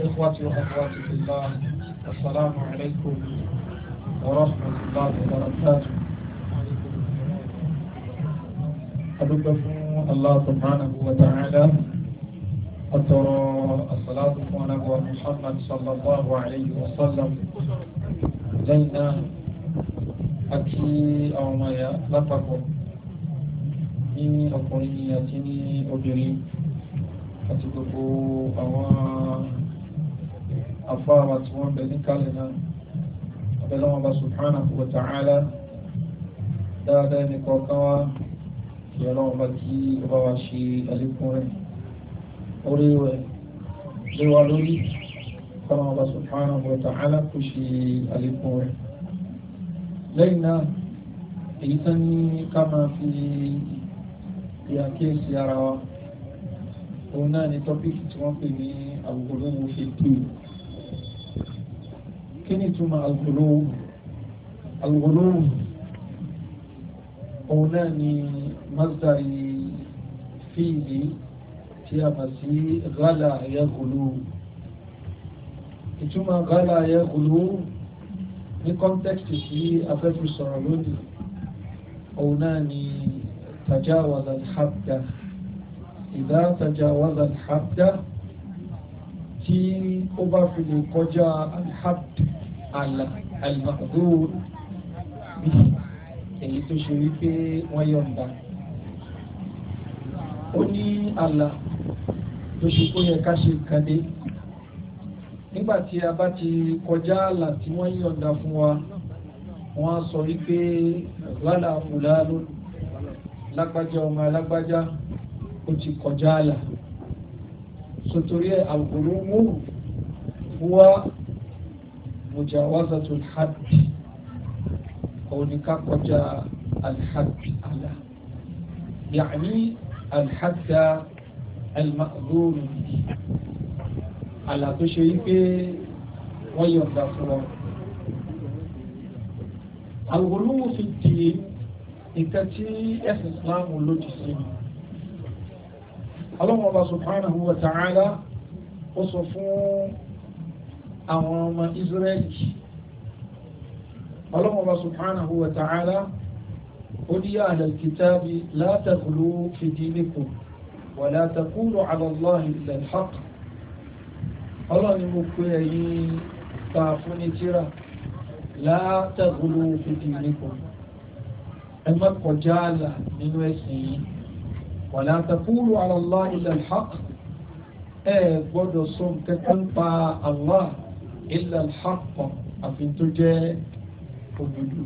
إخوتي وأخواتي في الله السلام عليكم ورحمة الله وبركاته أدب الله سبحانه وتعالى أترى الصلاة على محمد صلى الله عليه وسلم لنا أكي أو ما يلقكم ní ọkùnrin àti ní obìnrin àti gbogbo àwọn afáwa tí wọ́n bẹ ní kálẹ̀ náà abẹ́lẹ́ wọn bá subhanahu wa ta'ala dáadáa ní kọ̀ọ̀kan wa kí ọlọ́run bá kí ọba wa ṣe àlékún rẹ̀ orí rẹ̀ lé wa lórí kọ́nà ọba subhanahu wa ta'ala kò ṣe àlékún rẹ̀ lẹ́yìn náà èyí tán ní ká máa fi ìyàkíyèsí ara wa òun náà ni tọ́pìkì tí wọ́n pè ní àwòrán òfin tó yìí kí ni ìtumọ̀ al-ghuluw al-ghuluw òun náà ni masdari fíìlì tí a mọ̀ sí ghala yaghulu ìtumọ̀ ghala yaghulu ní kọ́ńtẹ́kìtì sí afẹ́fẹ́ sọ̀rọ̀ lónìí òun náà ni tajawaza al ìdá tajawaza al tí ó bá fi lè kọjá alhad almahdur bí èyí tó ṣe wípé wọ́n yọ̀ǹda ó ní àlà tó ṣe kó yẹ ká ṣe kàdé nígbà tí a bá ti kọjá àlà tí wọ́n yọ̀ǹda fún wa wọ́n á sọ wípé lálàá fúlàánú lágbájá ọmọ alágbájá ó ti kọjá àlà sotori al-ghuluw huwa mujawazatu al-hadd onika kọjá al-hadd ala yaani al-hadda al-ma'dhur ala tó ṣe yí pé wọ́n yọ̀ǹda fún ọ. al-ghuluw fi di nǹkan tí ẹ̀sìn Islam lòdì sí mi ọlọ́run ọba subhanahu wa ta'ala ó sọ fún àwọn ọmọ israẹli ọlọ́run ọba subhanahu wa ta'ala ó ní yá àlẹ́ kìtàbí la taghlu fi dinikum wa la taqulu ala Allahi illa al-haqq ọlọ́run ni mo pe ẹ̀yin ta fún ní tíra la taghlu ẹ má kọjá àlà nínú ẹ̀sìn yìí wàlá àtàkùrù àlọ́lá ilẹ̀ hàk ẹ gbọ́dọ̀ sọ nǹkan kan pa àlọ́ ilẹ̀ hàk kan àfi tó jẹ́ òdodo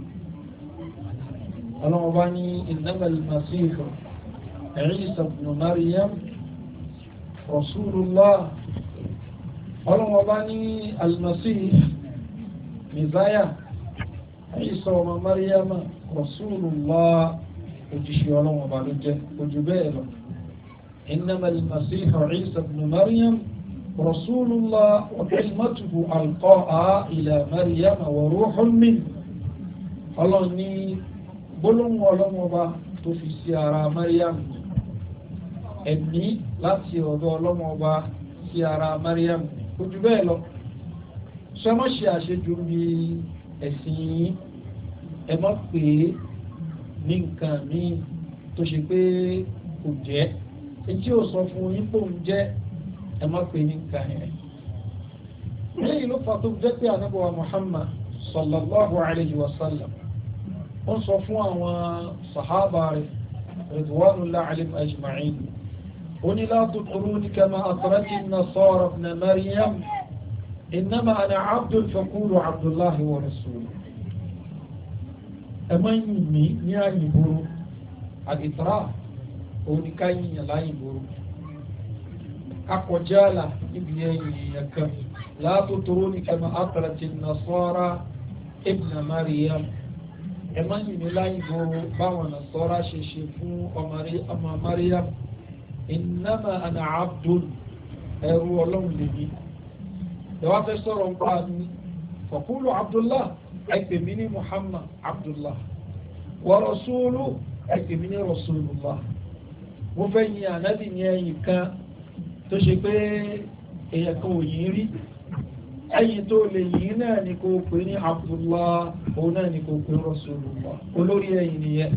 ọlọ́run bá ní ìnáwó masiihu Isa ibn Maryam rasulullah ọlọ́run bá ní almasih mizaya Isa ọmọ Maryam rasulullah òjíṣẹ́ ọlọ́run ọba ló jẹ́ ojú bẹ́ẹ̀ lọ. إنما المسيح عيسى ابن مريم رسول الله وكلمته ألقاها إلى مريم وروح منه ọlọ́run ní gbólóhùn ọlọ́run ọba tó fi sí ara Mariam ẹ̀mí láti ọ̀dọ̀ ọlọ́run ọba sí ara Mariam kò jù bẹ́ẹ̀ lọ ṣé má ṣe àṣejù bí ẹ̀sìn ẹ má ní nǹkan míì tó ṣe pé kò jẹ́ etí ò sọ fún yín pò ń jẹ́ ẹ má pè ní nǹkan yẹn. lẹ́yìn ló fa tó jẹ́ pé anábọ̀wá Muhammad sallallahu alayhi wa sallam ó sọ fún àwọn sàhábà rẹ̀ ridwanullahi alayhim ajma'in قل لا تطروني كما أطرت النصارى ابن مريم إنما أنا عبد فقولوا عبد الله ورسوله ẹ má yìn mí ní àyìnbóró àdìtúrà oníkáyìn láyìnbóró kakọjá là níbi ẹyìn èèyàn kan látòtòrò nìkan àtàràtì nàṣọ́ra ibn Maryam ẹ má yìn mí láyìnbóró báwọn nàṣọ́ra ṣe ṣe fún ọmọ Maryam innama ana abdul ẹrú ọlọ́run lèmi ẹ wá fẹ́ sọ̀rọ̀ nípa mi fọ̀kúlù Abdullah. ẹ̀pẹ̀mí ní Muhammad Abdullah wa rasulu ẹ̀pẹ̀mí ní Rasulullah mo fẹ́ yin ànábì ní ẹyin kan tó ṣe pé èèyàn kan ò yín rí ẹ̀yìn tó lè yín náà ni kò pè ní Abdullah òun náà ni kò pè Rasulullah olórí ẹ̀yìn nìyẹn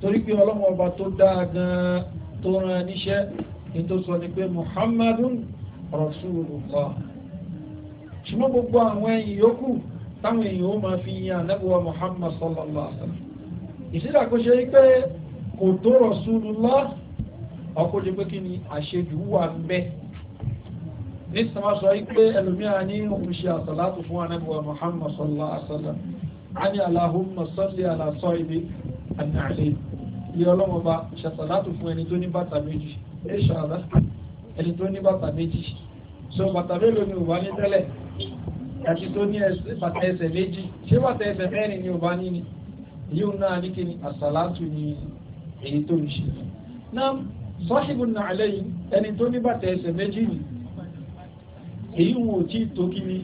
torí pé ọlọ́wọ́n ọba tó dáa gan-an tó rán níṣẹ́ tó sọ ni pé Muhammadun ṣùgbọ́n gbogbo táwọn èèyàn ó máa fi yan anábíwá Muhammad sallallahu alaihi wa sallam ìsílẹ̀ àkóṣe pé kò tó Rasulullah ọkọ̀jẹ́ pé kí ni àṣejù wà mbẹ́ nísìnyí wọ́n sọ pé ẹlòmíràn ní òun ṣe àsàlátù fún anábíwá Muhammad sallallahu alaihi wa sallam ani alahumma salli ala sahibi an-na'lim ilé ọlọ́mọba ṣàṣàlátù fún ẹni tó ní bàtà méjì ẹ̀ṣọ́ àlá ẹni tó ní bàtà méjì so bàtà mélòó ni ò wá ní tẹ́lẹ̀ àti tó ní bàtà ẹsẹ̀ méjì ṣé bàtà ẹsẹ̀ mẹ́rin ni ò bá ní ni yíò náà ní kí ni àsàlátù ni èyí tó ń ṣe náà sọ́ṣìbù náà lẹ́yìn ẹni tó ní bàtà ẹsẹ̀ méjì ni èyí wọn ò tí ì tó kí ni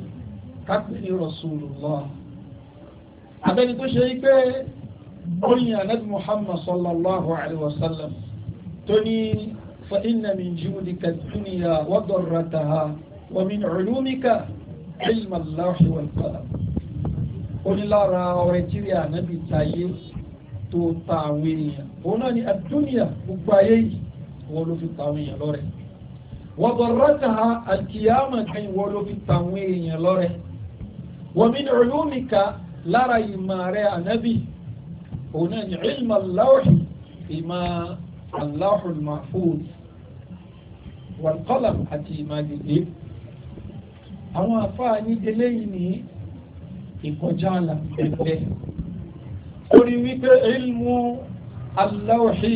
kápẹ́ ní Rasulullah abẹ́ni tó ṣe yí pé oyin anabi Muhammad sallallahu alayhi wa sallam tó ní fa inna min judika dunya wa darrataha wa min ulumika ilmu aláhi wal qalam onílára ọrẹ tíri ànábì táyé tó ta àwọn èèyàn òun náà ni àdúnyà gbogbo ayé yìí wọ́n ló fi ta àwọn èèyàn lọ́rẹ wàbọ̀rọ̀tà àkìyàmà kan wọ́n ló fi ta àwọn èèyàn lọ́rẹ wọ́n mi ní ulumika lára ìmọ̀ rẹ ànábì òun náà ni ilmu aláhi ìmọ̀ aláhùn mahfuz wal qalam àti ìmọ̀ àwọn àfáà ní eléyìí ní ìkọjá àlà pẹ̀lẹ́ orí wípé ilmu aláwọ̀hí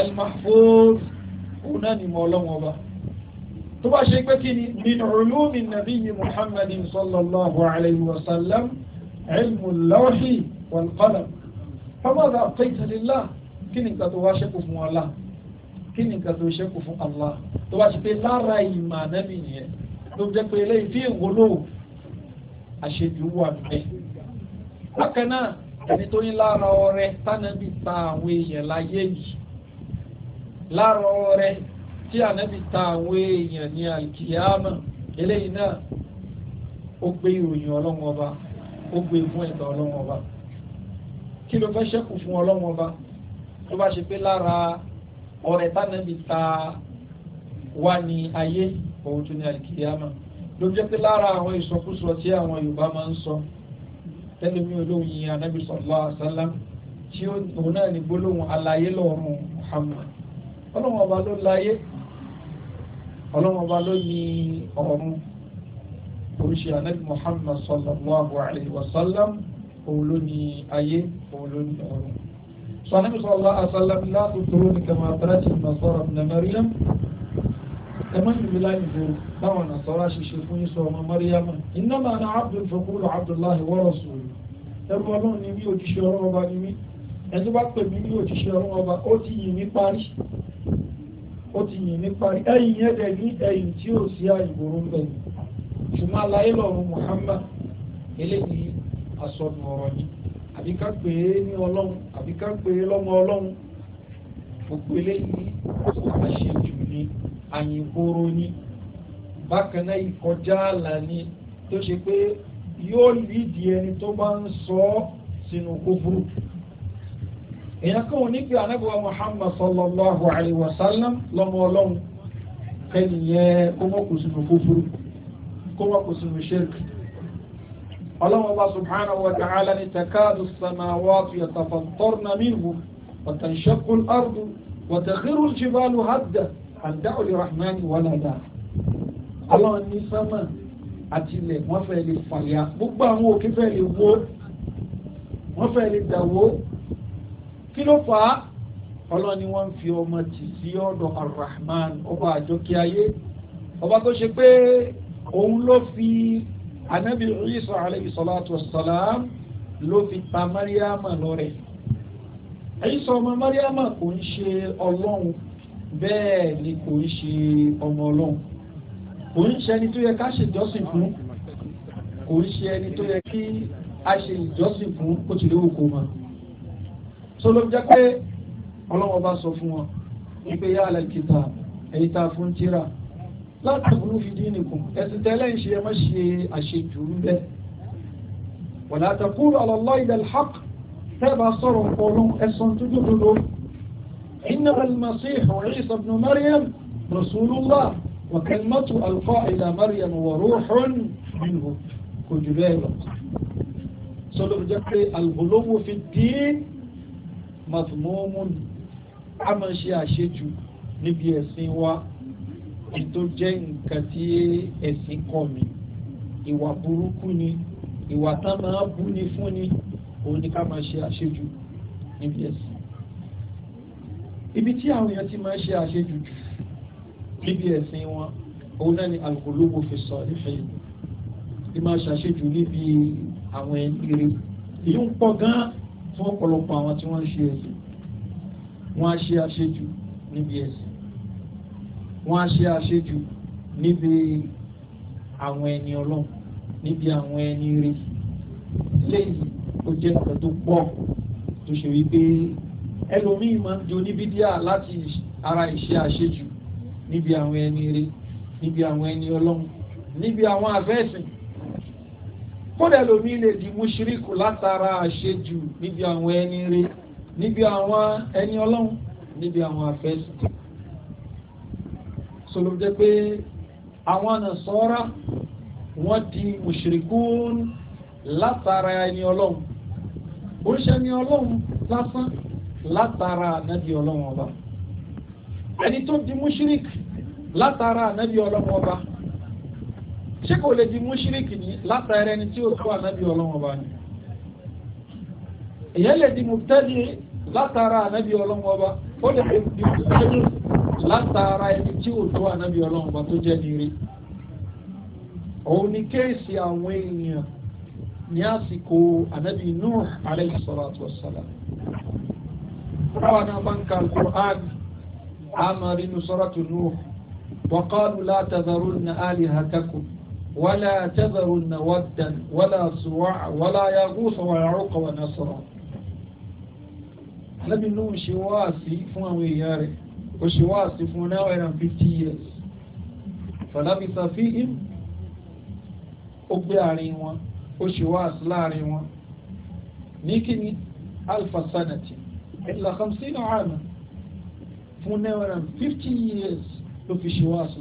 almahfuz òun náà ni mọ̀ ọlọ́wọ́n ọba tó bá ṣe pé kí ni min ulumi nabiyyi muhammadin sallallahu alayhi wa sallam ilmu aláwọ̀hí wal-qalam fọwọ́dà àpẹ́tẹ̀lélá kí ni nǹkan wá ṣẹ́kù fún Allah kí ni nǹkan tó fún Allah tó bá ṣe pé lára ìmọ̀ ànábì yẹn ló jẹ́ pé eléyìí tí èwo lò àṣejù wà bẹ́ẹ̀. bákan náà ẹni tó ní lára ọrẹ tánàbí ta àwọn èèyàn láyé yìí lára ọrẹ tí ànábì ta àwọn èèyàn ní àlìkìyàmà eléyìí náà ó gbé ìròyìn ọlọ́wọ́n ọba ó gbé fún ẹ̀dá ọlọ́wọ́n ọba kí ló fẹ́ ṣẹ́kù fún ọlọ́wọ́n ọba tó bá ṣe pé lára ọrẹ tánàbí ta wà ní ayé yìí ohun tó ní alikiyama ló jẹ́ pé lára àwọn ìsọkúsọ tí àwọn Yorùbá máa ń sọ tẹ́lẹ̀mí olóhùn yìí anábì sallallahu alaihi wasallam tí òun náà ní gbólóhùn alayé lọ́rùn Muhammad ọlọ́wọ́n ọba ló láyé ọlọ́wọ́n ọba ló ní ọ̀run oríṣi anábì Muhammad sallallahu alaihi wasallam òun ló ní ayé òun ló ní ọ̀run. sọ anábì sallallahu alaihi wasallam látòkòrò ní kàmáfẹ́rẹ́ ti nà sọ̀rọ̀ nà ẹ má yìí láyé ìfòrò báwọn nàṣọ́rọ́ ṣiṣẹ́ fún yín sọ ọmọ mọ́ríyámà iná máa na abdul fakulu abdullahi wọ́rọ̀ sọ̀rọ̀ ẹrú ọlọ́run ni mí òjíṣẹ́ ọlọ́run ọba ni mí ẹni bá pè mí ní òjíṣẹ́ ọlọ́run ọba ó ti yìn mí parí ó ti yìn mí parí ẹ̀yìn yẹn dẹ̀ ní ẹ̀yìn tí ò sí àìbòrò ń bẹ̀yìn ṣùgbọ́n aláyé lọ́run Muhammad eléyìí asọ̀nù ọ̀rọ̀ ni àbí ká pè é ní ọlọ́run àbí ká pè é lọ́mọ ọlọ́run gbogbo eléyìí kò máa ṣe jù àyìnbóró ni bákan náà ìkọjá ààlà ni tó ṣe pé yóò lídìí ẹni tó bá ń sọ ọ́ sínú kúfúrú èèyàn kan ò ní pé anábíwá Muhammad sallallahu alayhi wa sallam lọ́mọ ọlọ́run kẹ́ni yẹn kó mọ̀ kó sínú kúfúrú kó mọ̀ kó sínú shirk ọlọ́run bá subhanahu wa ta'ala ni takadu samawatu yatafattarna minhu wa tanshaqqu al-ardu wa takhirru jibalu hadda àdá òde rahman wàlàdà ọlọ́run ní sánmà àti ilẹ̀ wọ́n fẹ́ lè fàyà gbogbo àwọn òkè fẹ́ lè wó wọ́n fẹ́ lè dàwó kí ló fà á ọlọ́run ni wọ́n ń fi ọmọ tì sí ọ̀dọ̀ arahman ọba àjọkí ayé ọba tó ṣe pé òun ló fi anabi Isa alayhi salatu wassalam ló fi ta mariama lọ́rẹ Isa ọmọ mariama kò ń ṣe ọlọ́run bẹ́ẹ̀ ni kò ń ṣe ọmọ ọlọ́run kò ń ṣe ẹni tó yẹ ká ṣe ìjọsìn fún kò ń ṣe ẹni tó yẹ kí a ṣe ìjọsìn fún kó ti léwu kó ma tó ló jẹ́ pé ọlọ́wọ́n bá sọ fún wọn wípé yá àlẹ́ kìtà èyí tá a fún tíra láti burú fi dín nìkún ẹ̀sìn tẹ́lẹ̀ ń ṣe ẹ má ṣe àṣejù bẹ́ẹ̀ wala taqulu ala Allahi illa al-haqq tẹ́ẹ̀ bá sọ̀rọ̀ ọ̀pọ̀ ọlọ́run ẹ̀sán tó dúdú lórí. إنما المسيح عيسى ابن مريم رسول الله وكلمته ألقى إلى مريم وروح منه كجبال سلوك جاكي الغلو في الدين مضموم àmọ́ ṣe àṣejù níbi ẹ̀sìn wa ètò jẹ́ nǹkan tí ẹ̀sìn kọ́ mi ìwà burúkú ni ìwà tá máa bú ni fún ni òun ni ká máa ṣe àṣejù níbi ẹ̀sìn ibi tí àwọn èèyàn ti máa ṣe àṣejù jù níbi ẹ̀sìn wọn òun náà ni alukólógbò fi sọ nífẹ̀ẹ́ bí máa ṣàṣejù níbi àwọn eré èyí ń pọ̀ gan fún ọ̀pọ̀lọpọ̀ àwọn tí wọ́n ń ṣe ẹ̀sìn wọ́n á ṣe àṣejù níbi ẹ̀sìn wọ́n á ṣe àṣejù níbi àwọn ẹni ọlọ́run níbi àwọn ẹni eré léyìí ó jẹ́ ọ̀rọ̀ tó pọ̀ tó ṣe wípé ẹlòmíì máa ń di oníbídíà láti ara ìṣe àṣejù níbi àwọn ẹni eré níbi àwọn ẹni ọlọ́run níbi àwọn àfẹ́sìn kódà ẹlòmíì lè di mùṣíríkù látara àṣejù níbi àwọn ẹni eré níbi àwọn ẹni ọlọ́run níbi àwọn àfẹ́sìn sọlọ́ jẹ́ pé àwọn Nasara wọ́n di mùṣírikún látara ẹni ọlọ́run ó ṣe ni ọlọ́run lásán látara ànábì ọlọ́run ọba ẹni tó di mushrik látara ànábì ọlọ́run ọba ṣé kò lè di mushrik ni látara ẹni tí ó tó ànábì ọlọ́run ọba ni èyàn lè di mubtadi látara ànábì ọlọ́run ọba ó lè di mubtadi látara ẹni tí ó tó ànábì ọlọ́run ọba tó jẹ́ nìire òun ni kéèsì àwọn èèyàn ní àsìkò ànábì Nuh alayhi salatu wassalam táwọn náà bá ń ka Qur'an amari nusoratu nuhu waqalu la tazarunna alihatakum wala tazarunna waddan wala suwaca wala yagusa wa yacuqa wa nasra. Ànábì Nuhu ṣe wáàsí fún àwọn èèyàn rẹ̀ ó ṣe wáàsí fún náà ẹran fifty years falabisa fihim ó gbé àárín wọn ó ṣe wáàsí láàrin wọn ní kíni alfa sanati illa khamsina ama fún náírà fifty years ló fi ṣe wáàsí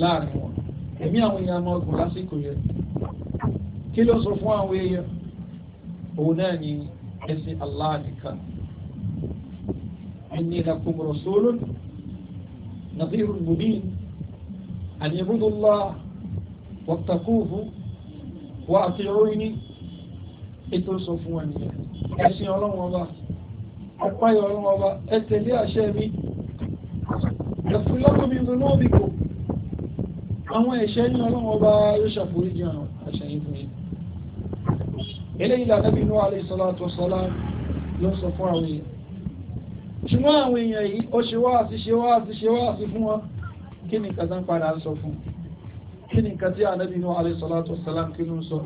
láàrin wọn ẹ̀mí àwọn èèyàn máa gùn lásìkò yẹn kí ló sọ fún àwọn èèyàn òun náà ni ẹsẹ̀ Allah nìkan inni lakum rasulun nadhirun mubin an ibudu Allah wattaquhu wa ati'uni ètò sọ fún wọn nìyẹn ẹ̀sìn ọlọ́run ọba àpáyọ̀ ọlọ́run ọba ẹ tẹ̀lé àṣẹ mi ẹ̀fún lọ́kùnrin ìlú náà bì kò àwọn ẹ̀ṣẹ̀ ní ọlọ́run ọba yóò ṣàforíjì àwọn àṣẹyìn fún yìí eléyìí lànà bí Nuh alayhi salatu wassalam ló sọ fún àwọn èèyàn ṣùgbọ́n àwọn èèyàn yìí ó ṣe wá àti ṣe wá àti ṣe wá àti fún wọn kí ni nǹkan tó ń padà sọ fún kí ni nǹkan tí ànábì Nuh alayhi salatu wassalam kí ló ń sọ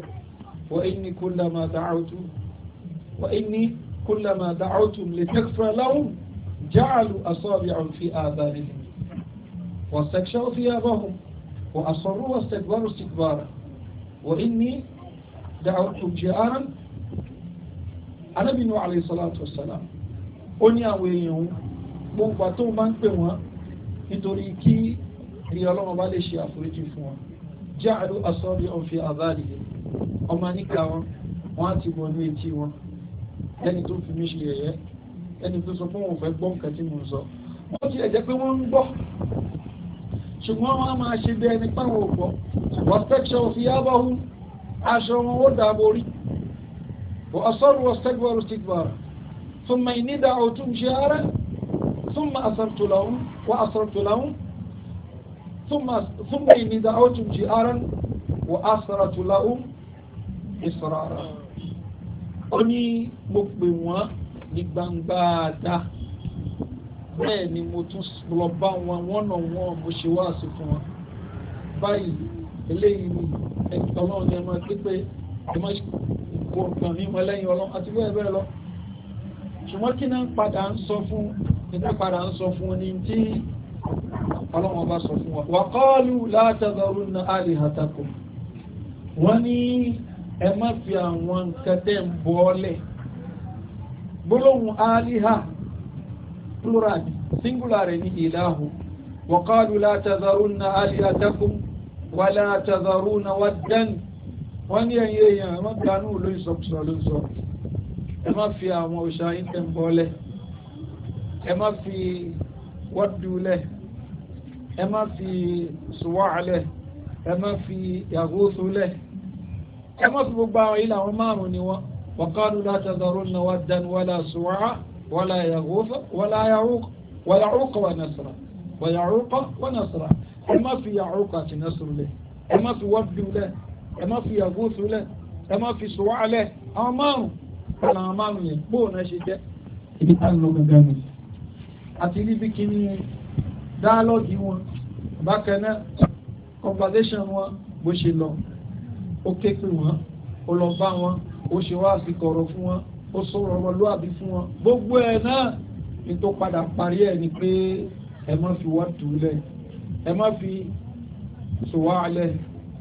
wa inni kullama da'awtu كلما دعوتم لتغفر لهم جعلوا أصابعهم في آذانهم واستكشوا ثيابهم وأصروا واستكبروا استكبارا وإني دعوتهم جهارا Ànábì Nuh alayhi salatu wassalam ó ní àwọn èèyàn gbogbo tó máa ń pè wọ́n nítorí kí ìrìn ọlọ́run bá lè ṣe àforíjì fún wọn ja'alu asabi'ahum fi adhanihim ọmọ níka wọn wọn á ti bọ̀ ní etí wọn ẹni tó fi mí ṣe yẹ̀yẹ́ ẹni tó sọ fún òun fẹ́ gbọ́ nǹkan tí mo ń sọ wọ́n ti ẹ̀jẹ̀ pé wọ́n ń gbọ́ ṣùgbọ́n wọ́n á máa ṣe bí ẹni páwọn ògbọ́ wọ́n tẹ́kṣọ́ òfin yábọ̀hún aṣọ wọn ó dààbò rí wọ́n sọ́rọ̀ wọ́n sẹ́gbọ̀rọ̀ sẹ́gbọ̀rọ̀ fún mi ní dàá òtún ṣe ara fún mi àṣàrtò wọ́n àṣàrtò fún mi ní dàá òtún ṣe ara wọ́n àṣàrtò ìṣòro ara ó ní mo ní gbangba dá bẹ́ẹ̀ ni mo tún lọ bá wọn wọ́n nà wọ́n mo ṣe wá sí fún wọn báyìí eléyìí ọlọ́run ni ẹ máa ké pé ẹ máa kó nǹkan ní wọn lẹ́yìn ọlọ́run àti bẹ́ẹ̀ bẹ́ẹ̀ lọ ṣùgbọ́n kí náà padà ń sọ fún nígbà padà ń sọ fún ní tí ọlọ́run bá sọ fún wọn. wàkọ́ọ̀lù látàgbà orúnà àlè àtàkùn wọ́n ní ẹ má fi àwọn nǹkan tẹ́ ń bọ ọ́lẹ̀ gbólóhùn aliha plural singular rẹ̀ ní ìlàhù waqalu la tazarunna alihatakum wala tazarunna waddan wọ́n ní ẹ̀yìn èèyàn ẹ má gbanú lórí sọ̀kùsọ̀ ló ń sọ ẹ má fi àwọn òṣà yín tẹ̀ ń bọ ọ́lẹ̀ ẹ má fi wọ́dù lẹ̀ ẹ má fi sùwọ́ ẹ má fi yàgò sùn ẹ má fi gbogbo àwọn ilé àwọn márùn ni wọn wàkàlù látàdọrọ náà wà dánú wàlà sùwàá wàlà yàgòfà wàlà yàrúkọ wàlà yàrúkọ wà nàṣàrà wàlà yàrúkọ wà nàṣàrà ẹ má fi yàrúkọ àti nàṣàrà lẹ ẹ má fi wàbdù lẹ ẹ má fi yàgòfà lẹ ẹ má fi sùwàá lẹ àwọn márùn wàlà àwọn márùn yẹn bó náà ṣe jẹ ibi tá ó ké pè wọ́n ó lọ bá wọn ó ṣe wá àsìkò ọ̀rọ̀ fún wọn ó sọ̀rọ̀ ọ̀rọ̀ lóàbí fún wọn gbogbo ẹ̀ náà ní tó padà parí ẹ̀ ni pé ẹ má fi wọ́n tù ú lẹ̀ ẹ má fi sùwà lẹ̀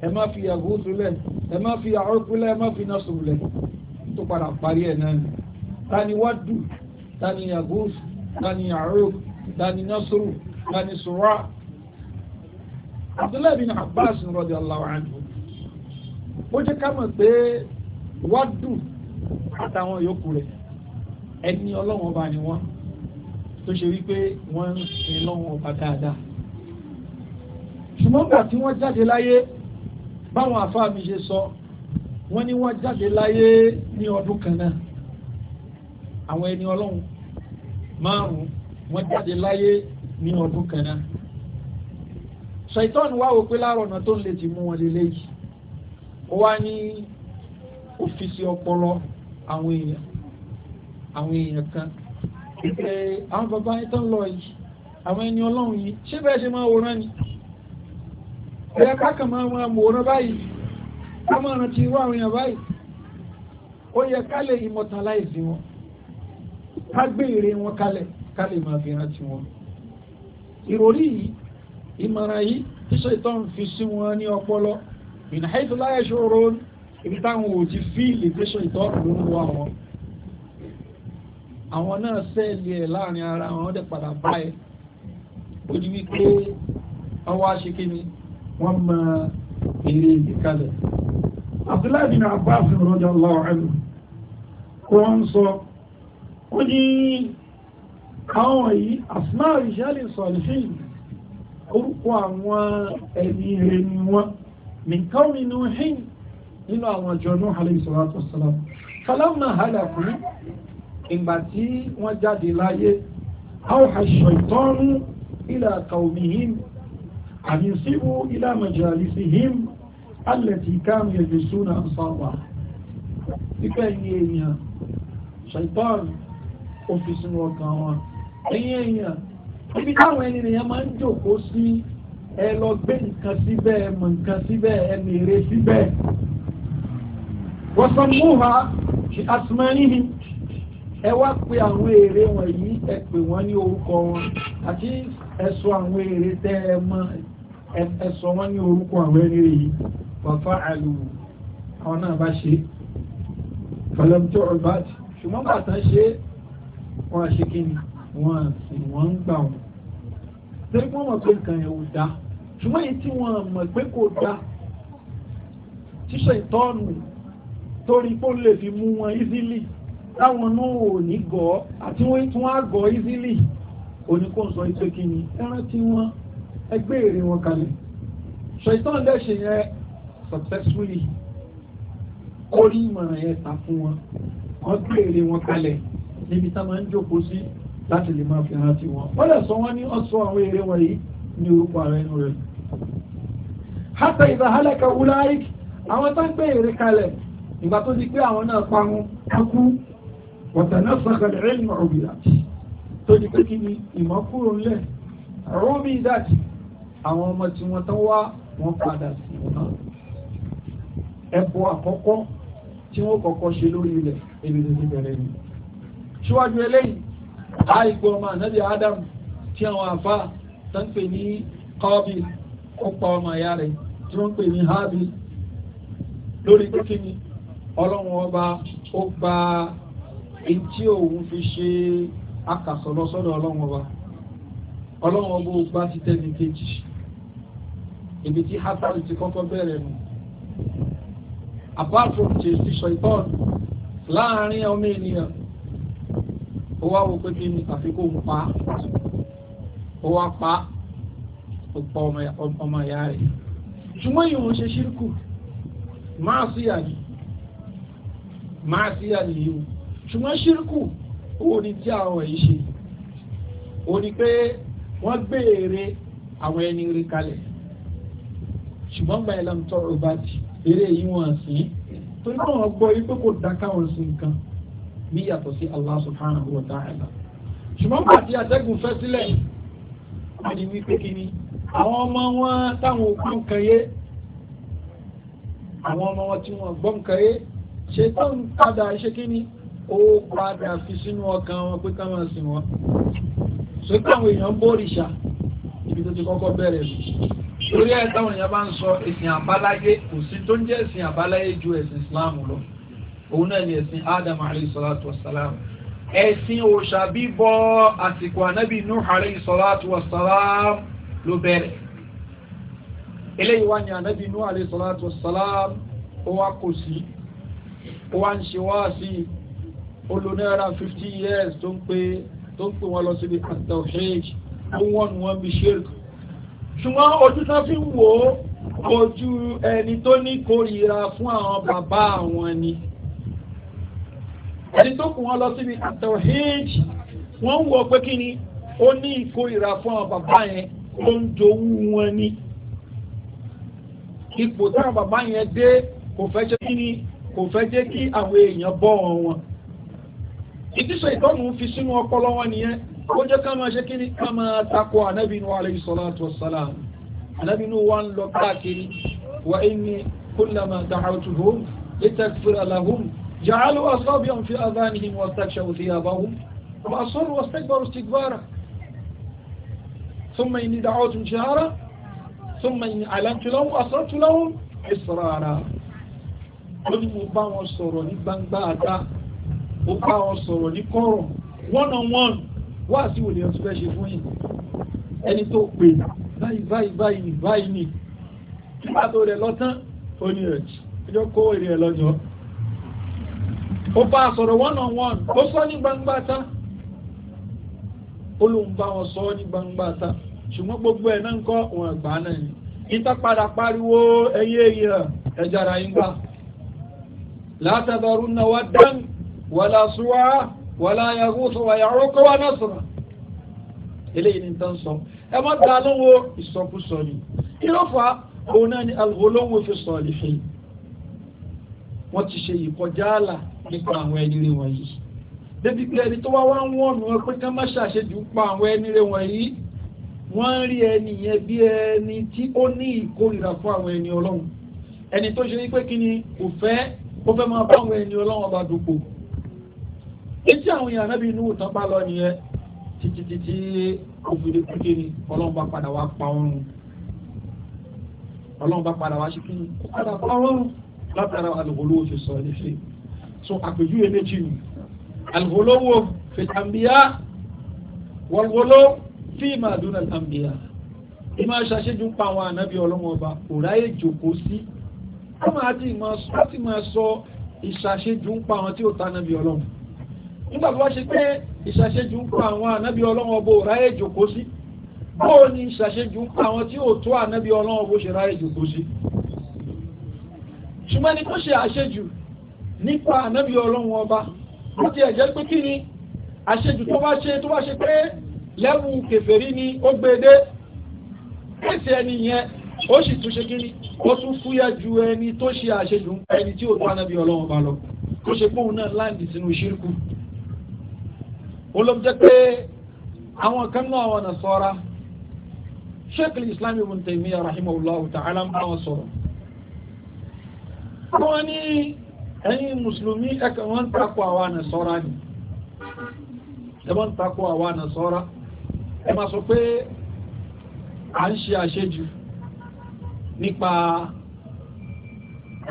ẹ má fi yàgòsù lẹ̀ ẹ má fi àrùkù lẹ̀ ẹ má fi nàṣù lẹ̀ tó padà parí ẹ̀ náà ta ni wọ́n dù ta ni yàgòsù ta ni àrùkù ta ni nàṣù ta ni sùwà. Abdullahi bin Abbas radiyallahu anhu ó jẹ́ ká mọ̀ pé wádùn àtàwọn yòókù rẹ̀ ẹni ọlọ́wọ́n ọba ni wọ́n tó ṣe wípé wọ́n ń sin lọ́wọ́n ọba dáadáa ṣùgbọ́n gbà tí wọ́n jáde láyé báwọn àfáà mi ṣe sọ wọ́n ní wọ́n jáde láyé ní ọdún kan náà àwọn ẹni ọlọ́run márùn-ún wọ́n jáde láyé ní ọdún kan náà ṣàìtọ́nù wá wò pé láàárọ̀ ọ̀nà tó ń lè ti mú wọn lélẹ́yìí ó wá ní ọ́fíìsì ọpọlọ àwọn èèyàn àwọn èèyàn kan pé àwọn bàbá yẹn tó ń lọ yìí àwọn ẹni ọlọ́run yìí ṣé bẹ́ẹ̀ ṣe máa wòran ni ẹ̀yà kákan máa máa wòran báyìí ká máa rántí irú àwọn èèyàn báyìí ó yẹ ká lè immortalize wọn ká gbé ère wọn kalẹ̀ ká lè máa fi rántí wọn ìròrí yìí ìmọ̀ràn yìí tíṣe ìtọ́ fi sí wọn ní ọpọlọ min haythu la yash'urun ibi táwọn ò ti fi limitation ìtọ́nù ló ń wá wọn àwọn náà sẹ́ẹ̀lì ẹ̀ láàrin ara wọn dẹ̀ padà bá ẹ ó di wípé ọwọ́ aṣèké ni wọ́n mọ ilé ìdíkalẹ̀. Abdullahi bin Abbas radiyallahu anhu kó wọ́n sọ ó ní àwọn yìí asmá ìṣẹ́lẹ̀ sọ̀lẹ́fìn orúkọ àwọn ẹ̀mí rẹ̀ ni wọ́n nìkan mi nù hìn nínú àwọn àjọ náà alayhi salatu wassalam falamma halaku ìgbà tí wọ́n jáde láyé awha shaytanu ila qawmihim an yusi'u ila majalisihim allati kanu yajlisuna ansarwa nígbà yìí èèyàn ṣàìtọ́n òfìsìn ọkàn wọn èèyàn ibi táwọn ẹni rẹ̀ máa ń jòkó sí ẹ lọ gbé nǹkan síbẹ̀ ẹ mọ̀ nǹkan síbẹ̀ ẹ mèrè síbẹ̀. wọ́sọ̀mùhà ṣe àtúmọ̀ẹ́nì ni ẹ wá pe àwọn èrè wọ̀nyí ẹ pè wọ́n ní orúkọ wọn àti ẹ̀sọ́ àwọn èrè tẹ́ ẹ mọ̀ ẹ̀sọ́ wọn ní orúkọ àwọn èrè yìí bàbá àlù àwọn náà bá ṣe fọlọ́mùtò ọ̀bàtì ṣùgbọ́n bàtà ṣe wọ́n ṣe kí ni wọ́n sì wọ́n ń gbà wọn. torí wọ́n pé nǹkan yẹn ò dáa ṣùgbọ́n èyí tí wọ́n mọ̀ pé kò dá ṣíṣe ìtọ́nù torí pé ó lè fi mú wọn easily táwọn náà ò ní gọ́ àti wọ́n tún á gọ́ easily oníkóńsọ ìpè kìíní ẹran tí wọ́n ẹgbẹ́ èrè wọn kalẹ̀ ṣe ìtọ́nù dẹ́ ṣe yẹn successfully ó rí ìmọ̀ràn yẹn ta fún wọn wọ́n gbé èrè wọn kalẹ̀ níbi tá ń jókòó sí láti lè máa fi hàn sí wọn. wọ́n lè sọ wọ́n ní ọ̀sọ́ àwọn èrè wọ̀nyí ní orúkọ ara ẹnu rẹ̀ hátà ìdáhálẹ̀kà wúláìk àwọn tó ń pè èrè kalẹ̀ ìgbà tó di pé àwọn náà parun kakú wọ̀tẹ̀nà sọ̀kẹ̀lẹ̀ rẹ̀ ìmọ̀ òbí láti tó di pé kí ni ìmọ̀ kúrò ńlẹ̀ rómi dàtì àwọn ọmọ tí wọ́n tán wá wọ́n padà sí ọ̀nà ẹ̀bọ àkọ́kọ́ tí wọ́n kọ́kọ́ ṣe lórí ilẹ̀ ebi tó ti bẹ̀rẹ̀ ni síwájú eléyìí àìgbọ́ ọmọ ànábì Ádámù tí àwọn àfáà tán pè ní kọ́bí ó pa ọmọ ìyá rẹ̀ yìí tí wọ́n ń pè ní hábí lórí pé kí ni ọlọ́run ọba ó gba èyí tí òun fi ṣe akàsọ̀ lọ sọ́dọ̀ ọlọ́run ọba ọlọ́run ọba ó gbá ti tẹ́ni kejì ibi tí hasari ti kọ́kọ́ bẹ̀rẹ̀ nù apart from jesse shaitan láàrin ọmọ ènìyàn ó wá wo pé kí ni àfikún òun pa ó wá pa ó pa ọmọ ìyá rẹ̀ ṣùgbọ́n yìí wọ́n ṣe ṣírkù máa sí àlè máa sí àlè yìí o ṣùgbọ́n ṣírkù owó ni tí àwọn yìí ṣe o ní pé wọ́n gbére àwọn ẹni rí kalẹ̀ ṣùgbọ́n gba ìlànà tọrọ bá ti eré yìí wọ́n sí torí pé wọ́n gbọ́ yìí pé kò dáká wọn sí nǹkan ní yàtọ̀ sí Allah subhanahu wa ta'ala ṣùgbọ́n pàtí àtẹ́gùn fẹ́ sílẹ̀ wọ́n ní wípé kí àwọn ọmọ wọn táwọn òkú nǹkan yé àwọn ọmọ wọn tí wọn gbọ́ nǹkan yé ṣe tó ń padà ṣe kí ni ó padà fi sínú ọkàn wọn pé káwọn sìn wọn sókè àwọn èèyàn ń bórìṣà ibi tó ti kọ́kọ́ bẹ̀rẹ̀ mi torí ẹ táwọn èèyàn bá ń sọ ẹ̀sìn àbáláyé kò sí tó ń jẹ́ ẹ̀sìn àbáláyé ju ẹ̀sìn Islam lọ òun náà ni ẹ̀sìn Adam alayhi salatu wa salam ẹ̀sìn òòṣà bíbọ àsìkò ànábì Nuh alayhi salatu wa salam ló bẹ̀rẹ̀ eléyìí wá ní anabi inú alayhi salatu wassalam ó wá kò sí ó wá ń ṣe wá sí olùnára fifty years tó ń pè tó ń pè wọn lọ síbi at-tawhid ó wọ́n nu wọn bí shirk ṣùgbọ́n ojú tán fi ń wò ó ojú ẹni tó ní kórìíra fún àwọn bàbá àwọn ni ẹni tó kù wọn lọ síbi at-tawhid wọ́n ń wò pé kí ni ó ní ìkórìíra fún àwọn bàbá yẹn ó ń jowú wọn ni ipò táwọn bàbá yẹn dé kò fẹ́ jẹ́ kí ni kò fẹ́ jẹ́ kí àwọn èèyàn bọ́ wọn ìdíṣẹ́ ìtọ́nù fi sínú ọpọlọ wọn nìyẹn ó jẹ́ ká máa ṣe kí ni ká máa takò ànábì inú alayhi salatu wassalam wa ń lọ káàkiri wa inni kullama da'awtuhum litakfira lahum ja'alu asabi'ahum fi adhanihim wastakshaw thiyabahum wa asarru wastakbaru istikbara ثم إني دعوتهم جهارا ثم إني أعلنت لهم أسررت لهم إسرارا lórí mo bá wọn sọ̀rọ̀ ní gbangba àdá mo bá wọn sọ̀rọ̀ ní kọ̀rọ̀ one on one wá sí wòlé ọtún fẹ́ ṣe fún yìí ẹni tó pè báyìí báyìí báyìí ní báyìí ní nígbà tó rẹ̀ lọ́tán ó ní rẹ̀ ẹjọ́ kó èrè ẹ̀ lọ́jọ́ ó bá sọ̀rọ̀ one on one ó sọ ní gbangba ta ó sọ ní gbangba ta ṣùgbọ́n gbogbo ẹ̀ náà ń kọ́ wọn gbà náà ni níta padà pariwo ẹyẹ èèyàn ẹjára yín gbà látàdọ̀rù náà wá dán wàlá súwá wàlá yaghuthu wa ya'uqa wa nasra eléyìí ni tán sọ ẹ má dá lọ́wọ́ ìsọkúsọ ni ìrọ̀fà òun náà ni alghuluw fi salihin wọ́n ti ṣe ìkọjá àlà nípa àwọn ẹni rẹ̀ wọ̀nyí débi pé ẹni tó wá wá ń wọ̀nù ẹ pé ká má ṣàṣejù pa àwọn ẹni rẹ̀ wọ̀nyí wọ́n ń rí ẹni yẹn bí ẹni tí ó ní ìkórìíra fún àwọn ẹni ọlọ́run ẹni tó ṣe ní pé kí ni kò fẹ́ ó fẹ́ máa bá àwọn ẹni ọlọ́run ọba dòpò etí àwọn èèyàn náà bí inú ìtàn bá lọ nìyẹn títí títí òfìdí kúndé ni ọlọ́run bá padà wá pa ọ́run ọlọ́run bá padà wá ṣe kí ni padà pa ọ́run látara alùpùpù ṣe sọ ní ṣe so àpèjúwe méjì ni alùpùpù fi tàbíyá wọlwọlọ fíìmù àdúrà àmbíyà ìmọ̀ aṣàṣejù ń pa àwọn ànábì ọlọ́wọ́n ọba kò ráyè jòkó sí wọ́n máa ti máa sọ ìṣàṣejù ń pa àwọn tí ó ta ànábì ọlọ́wọ́n nígbà tó wá ṣe pé ìṣàṣejù ń pa àwọn ànábì ọlọ́wọ́n ọba ò ráyè jòkó sí bóò ni ìṣàṣejù ń pa àwọn tí ó tó ànábì ọlọ́wọ́n ọba ò ṣe ráyè jòkó sí ṣùgbọ́n ẹni tó ṣe àṣejù nípa ànábì ọlọ́wọ́n ọba ó ti ẹ̀jẹ̀ pé kí ni àṣejù tó bá ṣe tó bá ṣe pé lẹ́wù kèfèrí ni ó gbédé pèsè ẹni yẹn ó sì tún ṣe kíni ó tún fúyà ju ẹni tó ṣe àṣejù ń pa ẹni tí ò tó ànábì ọlọ́run bá lọ kó ṣe póun náà láǹdì sínú ṣírkù ó jẹ́ pé àwọn kan náà àwọn nasara sheikh islam ibn taymiyyah rahimahullahu ta'ala ń bá wọn sọ̀rọ̀ wọ́n ní ẹ̀yin mùsùlùmí ẹ̀kọ́ wọn ń takò àwọn nasara ni ẹ̀ wọ́n ń takò àwọn nasara ẹ máa sọ pé à ń ṣe àṣejù nípa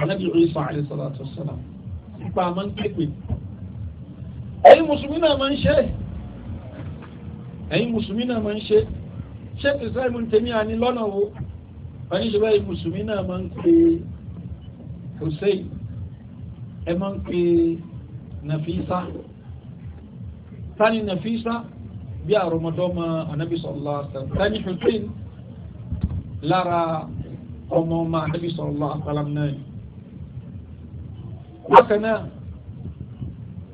anabi isa alayhi salatu wasalam nípa àmọ́ ń pèpè ẹ̀yin mùsùlùmí náà máa ń ṣe ẹ̀yin mùsùlùmí náà máa ń ṣe ṣé kìsìláì mú tèmi àní lọ́nà wo wọ́n ní ṣe mùsùlùmí náà máa ń pè hussein ẹ máa ń pè nàfíìsá tani nàfíìsá bí àrọmọdọ́mọ anabi sallallahu alaihi wasallam tani hussein lára ọmọ ọmọ anabi sallallahu alaihi wasallam náà ni. bákan náà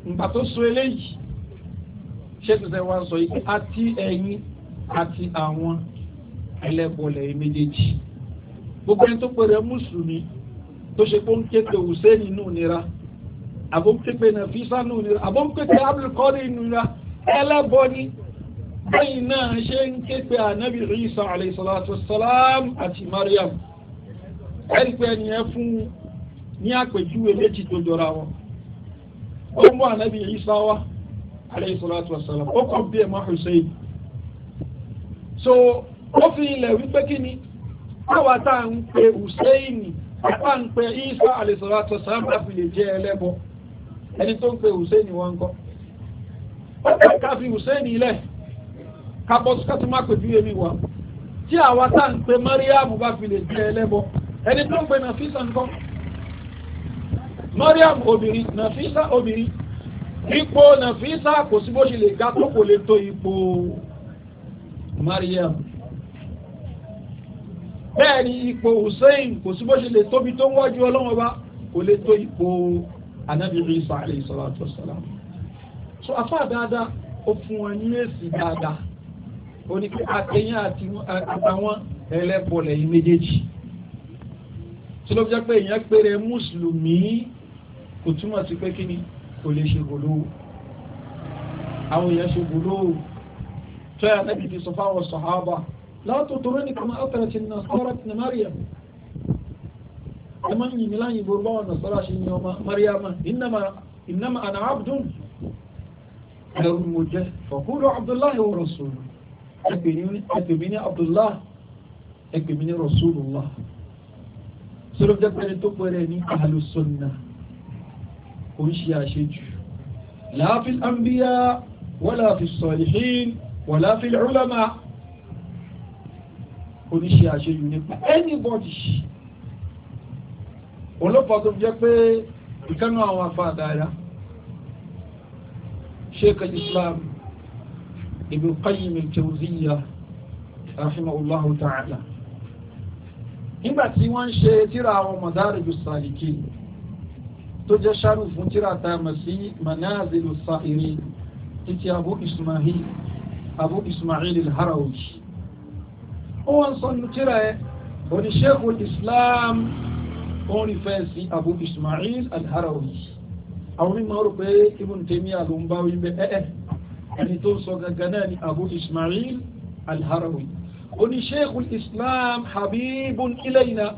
nǹkan tó so eléyìí ṣé tuntun wa sọ yìí àti ẹ̀yin àti àwọn ẹlẹ́bọ̀lẹ̀ méjèèjì gbogbo ẹni tó pèrè mùsùlùmí tó ṣe pé ń képe hùsẹ́ẹ̀nì nù nira àbó ń képe nàfíìsà nù nira àbó ń képe abdulkadir nù nira ẹlẹ́bọ ni báyìí ṣe ń ké pe ànábì Isa alayhi àti Mariam ẹ̀rí pé ẹnìyẹn fún ní àpèjúwe méjì tó jọra wọn ó mú ànábì Isa wá Hussein so ó fi ilẹ̀ wípé kí ni àwa tá à ń pe Hussein ń pe Isa alayhi salatu lè jẹ́ ẹlẹ́bọ ẹni tó ń pe kábọ́ sọ́tún má pè fíye mi wá tí àwa tá à ń pe Mariam bá fi lè jẹ ẹlẹ́bọ ẹni tó ń pe Nàfísà ńkọ́ Mariam obìnrin Nàfísà obìnrin ipò Nàfísà kò sí bó ṣe lè ga tó kò lè tó ipò Mariam bẹ́ẹ̀ ni ipò Hussein kò sí bó ṣe lè tóbi tó ń wájú ọlọ́wọ́n bá kò lè tó ipò anabi Isa alayhi salatu wa salam so afa dáadáa ó fún wọn ní èsì dáadáa oníkí àtẹ̀yìn àti àtàwọn ẹlẹ́bọ̀lẹ̀ yìí méjèèjì tí ló fi jẹ́ pé èèyàn péré mùsùlùmí kò túmọ̀ sí pé kíni kò lè ṣe gòló àwọn èèyàn ṣe gòló tó yà nábì ti sọ fáwọn sọ̀hábà látò tó rẹ́ni kàmá àtàrà ti nà sọ́ra ti nà Mariam ẹ máa ń yìn mí láyìn ìbòrò báwọn nà sọ́ra ṣe ní ọmọ Mariam innama innama ana abdun mo jẹ faqulu Abdullahi wa rasuluhu ẹgbẹ̀mí ní Abdullah ẹgbẹ̀mí ní Rasulullah sọ́dọ̀ jẹ́ pẹ́ni tó pẹ́rẹ́ ní alùsọ̀nà kò ń ṣe àṣejù láàfin anbiya wọ́lá fi sọ̀lìhín wọ́lá fi ulama kò ní ṣe àṣejù nípa anybody ọlọ́pàá tó jẹ́ pé ìkánú àwọn afáàdára sheikh islam Ibn Qayyim al-Jawziyya rahimahullahu ta'ala nígbà tí wọ́n ń ṣe tíra àwọn Madarij as-Salikin tó jẹ́ ṣáàrù fún tíra ta mọ̀ sí Manazil as-Sa'irin títí Abu Isma'il Abu Isma'il al-Harawi ó wọ́n sọ ní tíra ẹ oní Islam ó rí fẹ́ sí Abu Isma'il al-Harawi àwọn onímọ̀ rò pé Ibn Taymiyyah ló ń ẹni tó ń sọ gangan náà ni abu ismail alharawi oní sheikhul islam habibun ilayna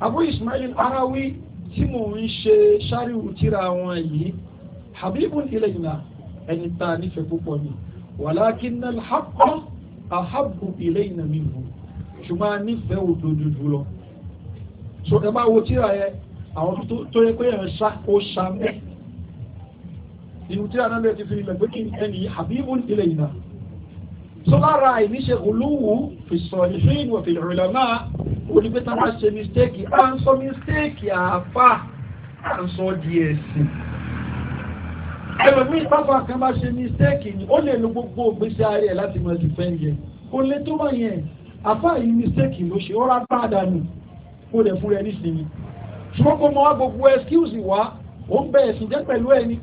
abu ismail alharawi tí mò ń ṣe ṣáríwù tíra wọn yìí habibun ilayna ẹni tá a nífẹ̀ẹ́ púpọ̀ ni walakin alhaqqa ahabbu ilayna minhu ṣùgbọ́n a nífẹ̀ẹ́ òdodo jùlọ so ẹ bá wo tíra yẹ àwọn tó yẹ pé ẹ̀ ń ṣá ó ṣá mẹ́ẹ̀ ìhun tí anábẹ́ ti fi ilẹ̀ gbé kí ẹni habibun ilayna tó bá ra àìníṣe olówó fèsọ̀ ìfín ìwọ̀ fèlè rẹ̀ náà onígbẹ́ta máa ṣe mistake à ń sọ mistake àáfà à ń sọ di ẹ̀sìn ẹlòmíì pápá kan bá ṣe mistake ni ó lè lo gbogbo ògbésí ayé ẹ̀ láti máa defend yẹn kò lè tó bá yẹn àáfà yìí mistake ló ṣe ó rà nù kó lè fún rẹ nísìnyí ṣùgbọ́n kó mọ wá gbogbo excuse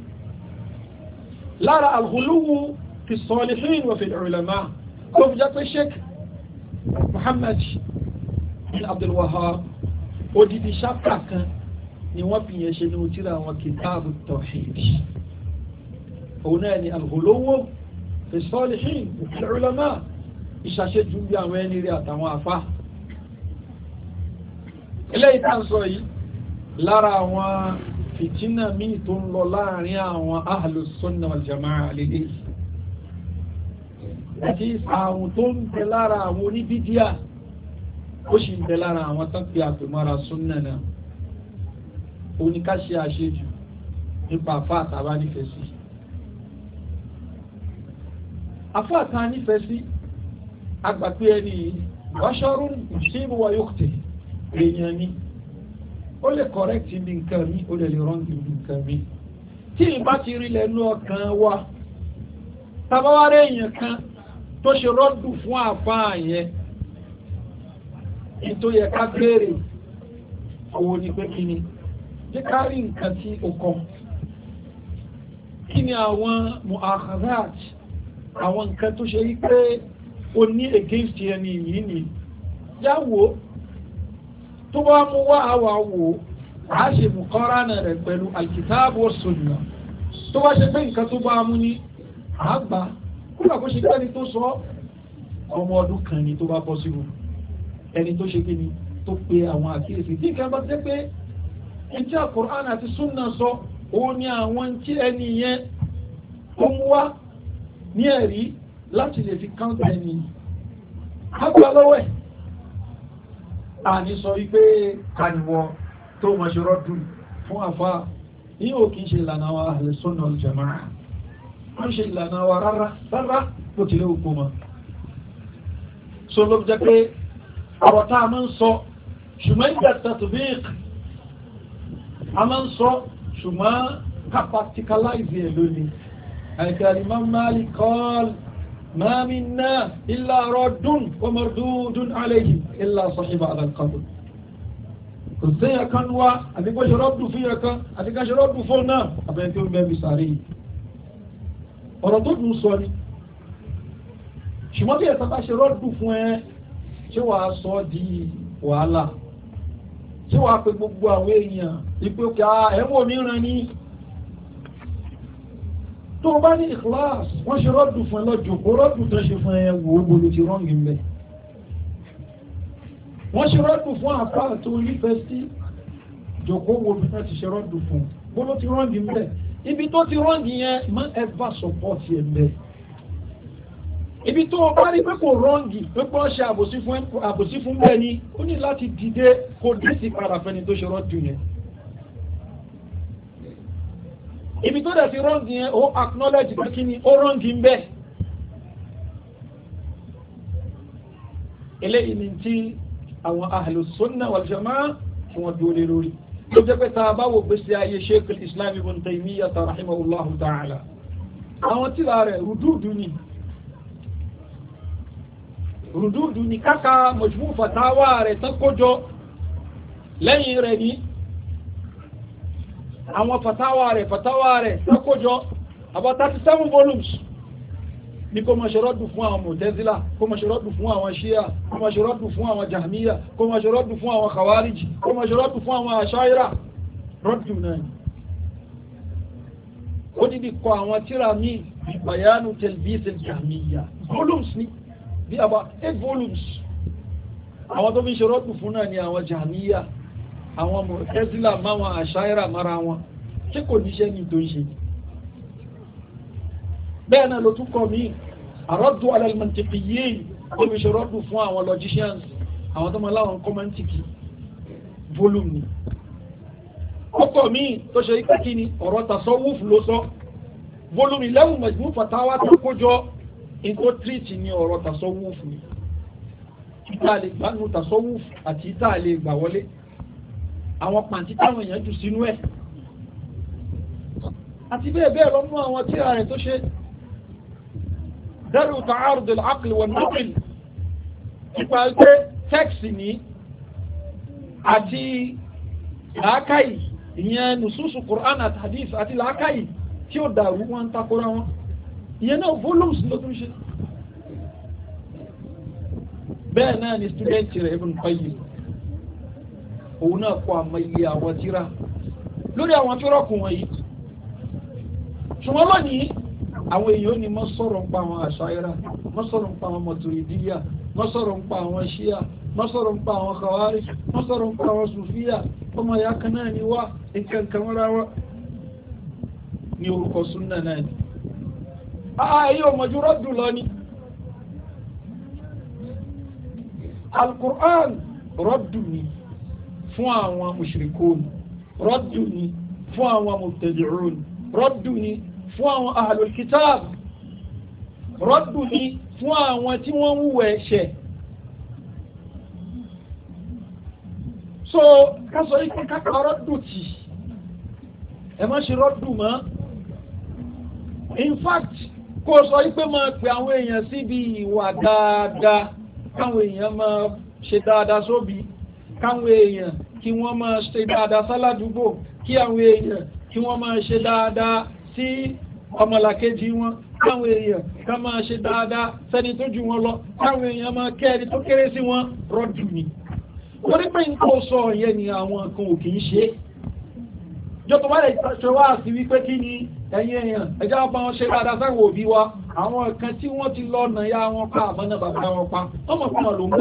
lára alghuluwu fi salihin wa fi ulama kó fi jẹ́ pé sheikh muhammad bin abdul wahab odidi ṣáfà kan ni wọ́n fi yẹn ṣe ní òtíra àwọn kìtàbù tawhid òun náà ni alghuluwu fi salihin wa fi ulama ìṣàṣejù bí àwọn ẹni rí àtàwọn afá eléyìí tá yìí lára àwọn fìtínà míì tó ń lọ láàrin àwọn ahlu sunna wal jamaa àlèlè àti àwọn tó ń bẹ lára àwọn oníbídíà ó sì ń bẹ lára àwọn tó ń fi àpèmọ́ra náà oníkàṣe àṣejù nípa àfa àtàbá nífẹ̀ẹ́ sí àfa àtàbá sí agbàgbé ẹni yìí wáṣọ́rùn-ún yóò tẹ̀ ó lè correct ibi nǹkan mi ó lè lè wrong ibi nǹkan mi tí ìbá ti rí lẹ́nu ọkàn wa tabawárẹ́ èèyàn kan tó ṣe rọ́dù fún àfáà yẹn ètò yẹ ká béèrè àwọn onípẹ́kíní jẹ́ ká rí nǹkan tí ó kọ́ kí ni àwọn mu'akharat àwọn nǹkan tó ṣe yí pé o ní against ẹni yìí ni yáwó. Ya tó bá mú wá àwa wò á ṣe mùkọ́ránà rẹ̀ pẹ̀lú alkitabu wa sunna tó bá ṣe pé nǹkan tó bá mú ní àgbà kúrò àkóṣe kẹ́ni tó sọ ọmọ ọdún kan ni tó bá bọ́ síbu ẹni tó ṣe kí ni tó pe àwọn àkíyèsí tí nǹkan bá jẹ́ pé ẹjẹ́ àkùrán àti súnà sọ òun ni àwọn tí ẹni yẹn ó mú wá ní ẹ̀rí láti lè fi káńtà ẹni. á gbà lọ́wọ́ ẹ̀ àní sọ wípé kàníwọ tó mọ̀ ṣe rọ́dù fún àfa yìí ò ṣe ìlànà wa ahlu sunna wal jamaa wọ́n ṣe ìlànà wa rárá rárá bó tilẹ̀ òkú mọ́ so ló jẹ́ pé ọ̀rọ̀ tá a máa ń sọ ṣùgbọ́n ìgbà tatbiq a máa ń sọ ṣùgbọ́n ká practicalize lónìí àìkàlì máa ń máa lè kọ́ ọ́ ما منا إلا رد ومردود عليه إلا صاحب هذا القبر kò séyàn kan wá àti kó ṣe rọ́dù fìyà kan àti ká ṣe rọ́dù fún náà abẹ́rẹ́ tí ó ń bẹ́ẹ̀ bí sàárè yìí ọ̀rọ̀ tó dùn sọ ni ṣùgbọ́n bí ẹ̀sán bá ṣe rọ́dù fún ẹ ṣé wàá sọ di wàhálà ṣé wàá pe gbogbo àwọn èèyàn ìpè òkè ah, ẹ̀wọ̀n mìíràn ni tó o bá ní ikhlas wọ́n ṣe rọ́dù fún ẹ lọ́jọ́ kó rọ́dù tó ṣe fún ẹ wò ó bolo ti rọ́ǹgì ń bẹ̀. wọ́n ṣe rọ́dù fún apá tó nífẹ̀ẹ́ sí jòkó wo bí wọ́n ti ṣe rọ́dù fún bolo ti rọ́ǹgì ń bẹ̀. ibi tó ti rọ́ǹgì yẹn má ẹ bá support ẹ̀ bẹ̀. ibi tó o bá rí pé kò rọ́ǹgì pé kò ṣe àbòsí fún bẹ́ẹ̀ ni ó ní láti dìde kó dé sí padà fẹ́ni tó ṣe rọ́dù yẹn. ibi tó dẹ̀ ti rọ́ǹgì yẹn ó acknowledge pé kí ni ó rọ́ǹgì ń bẹ́ẹ̀. eléyìí ni tí àwọn ahlu sunna wal jamaa tí wọ́n dúró lé lórí ló jẹ́ pé tá a bá wo gbèsè ayé sheikh islam ibn taymiyah rahimahullah ta'ala àwọn tìlà rẹ̀ rúdúùdù ni rúdúùdù ni káka majmu fatawa rẹ̀ tán kójọ lẹ́yìn rẹ̀ ni àwọn fatawa rẹ̀ fatawa rẹ̀ lákòjọ about thirty seven volumes ní kó mọ̀ṣẹ́ rọ́dù fún àwọn mọ̀tẹ́zílà kó mọ̀ṣẹ́ rọ́dù fún àwọn ṣíà kó mọ̀ṣẹ́ rọ́dù fún àwọn jahmiya kó mọ̀ṣẹ́ rọ́dù fún àwọn khawariji kó mọ̀ṣẹ́ rọ́dù fún àwọn aṣáírà rọ́dù náà ó dìdí kọ àwọn tíra míì bayanu telbis jahmiya volumes ni bí about eight volumes àwọn tó fi ṣe rọ́dù fún náà ni àwọn jahmiya àwọn mọ̀tẹ́sílà máwọn àṣáyẹ́rà mara wọn tí kò níṣẹ́ ní tó ń ṣe bẹ́ẹ̀ náà ló tún kọ́ mí àrọ́dù alẹ́lẹ́mọ̀tìkì yìí olùṣẹ́ rọ́dù fún àwọn logicians àwọn tó máa láwọn kọ́mẹ́ntìkì volume ni ọkọ̀ mí tó ṣe ikú kí ni ọ̀rọ̀ tàṣọ wúfù ló sọ volume eleven mẹ̀jú fatawa tó kójọ nǹkó tírìtì ni ọ̀rọ̀ tàṣọ wúfù ni ìta àlè gbà nù tàṣọ wúfù àti ìta àlè gbà wọlé àwọn pàǹtí táwọn èèyàn jù sínú ẹ̀ àti bẹ́ẹ̀ bẹ́ẹ̀ lọ mú àwọn tíra rẹ̀ tó ṣe dẹ́rù ta'arud al-aql wal-naql nípa pé tẹ́ẹ̀sì ní àti làákàyè ìyẹn nùsùsù Qur'an àti hadith àti làákàyè tí ó dàrú wọn takora wọn ìyẹn náà volumes ló tún ṣe bẹ́ẹ̀ náà ni student rẹ̀ Ibn Qayyim òun náà kọ àmọ́ iye àwọn tíra lórí àwọn tó rọ̀kùn wọ̀nyí ṣùgbọ́n lónìí àwọn èèyàn ni mọ́ sọ̀rọ̀ ń pa àwọn àṣàyẹ́rà mọ́ sọ̀rọ̀ ń pa àwọn mọ̀tòrìdíyà mọ́ sọ̀rọ̀ ń pa àwọn ṣíà mọ́ sọ̀rọ̀ ń pa àwọn kàwárí mọ́ sọ̀rọ̀ ń pa àwọn sùfíà ọmọ ìyá kan náà ni wá nǹkan kan rárá wá ní orúkọ súnà náà ni. ààyè ọmọdé rọ́dù lọ alukur'an rọ́dù ni fún àwọn mushrikun rọ́dù ni fún àwọn mubtadi'un rọ́dù ni fún àwọn ahlul rọ́dù ni fún àwọn tí wọ́n ń wẹ̀ so kásọ ikú kápá rọ́dù tì ẹ má ṣe rọ́dù mọ́ in fact kó sọ pé máa pe àwọn èèyàn síbi ìwà dáadáa káwọn èèyàn máa ṣe dáadáa sóbi. So káwọn èèyàn kí wọ́n máa ṣe dáadáa sáládùúgbò kí àwọn èèyàn kí wọ́n máa ṣe dáadáa sí ọmọlàkejì wọn káwọn èèyàn ká máa ṣe dáadáa sẹ́ni tó jù wọn lọ káwọn èèyàn máa kẹ́ tó kéré sí wọn rọ́dù ni wọ́n ní pé nǹkan sọ yẹn ni àwọn nǹkan ò kì í ṣe é jọba wà lè ṣọwọ́ àti wípé kí ni ẹ̀yin èèyàn ẹ̀já bá wọn ṣe dáadáa sáwọn òbí wa àwọn kan tí wọ́n ti lọ́ọ̀nà ya wọn pa àmọ́nà bàbá wọn pa ọmọ kan ló ń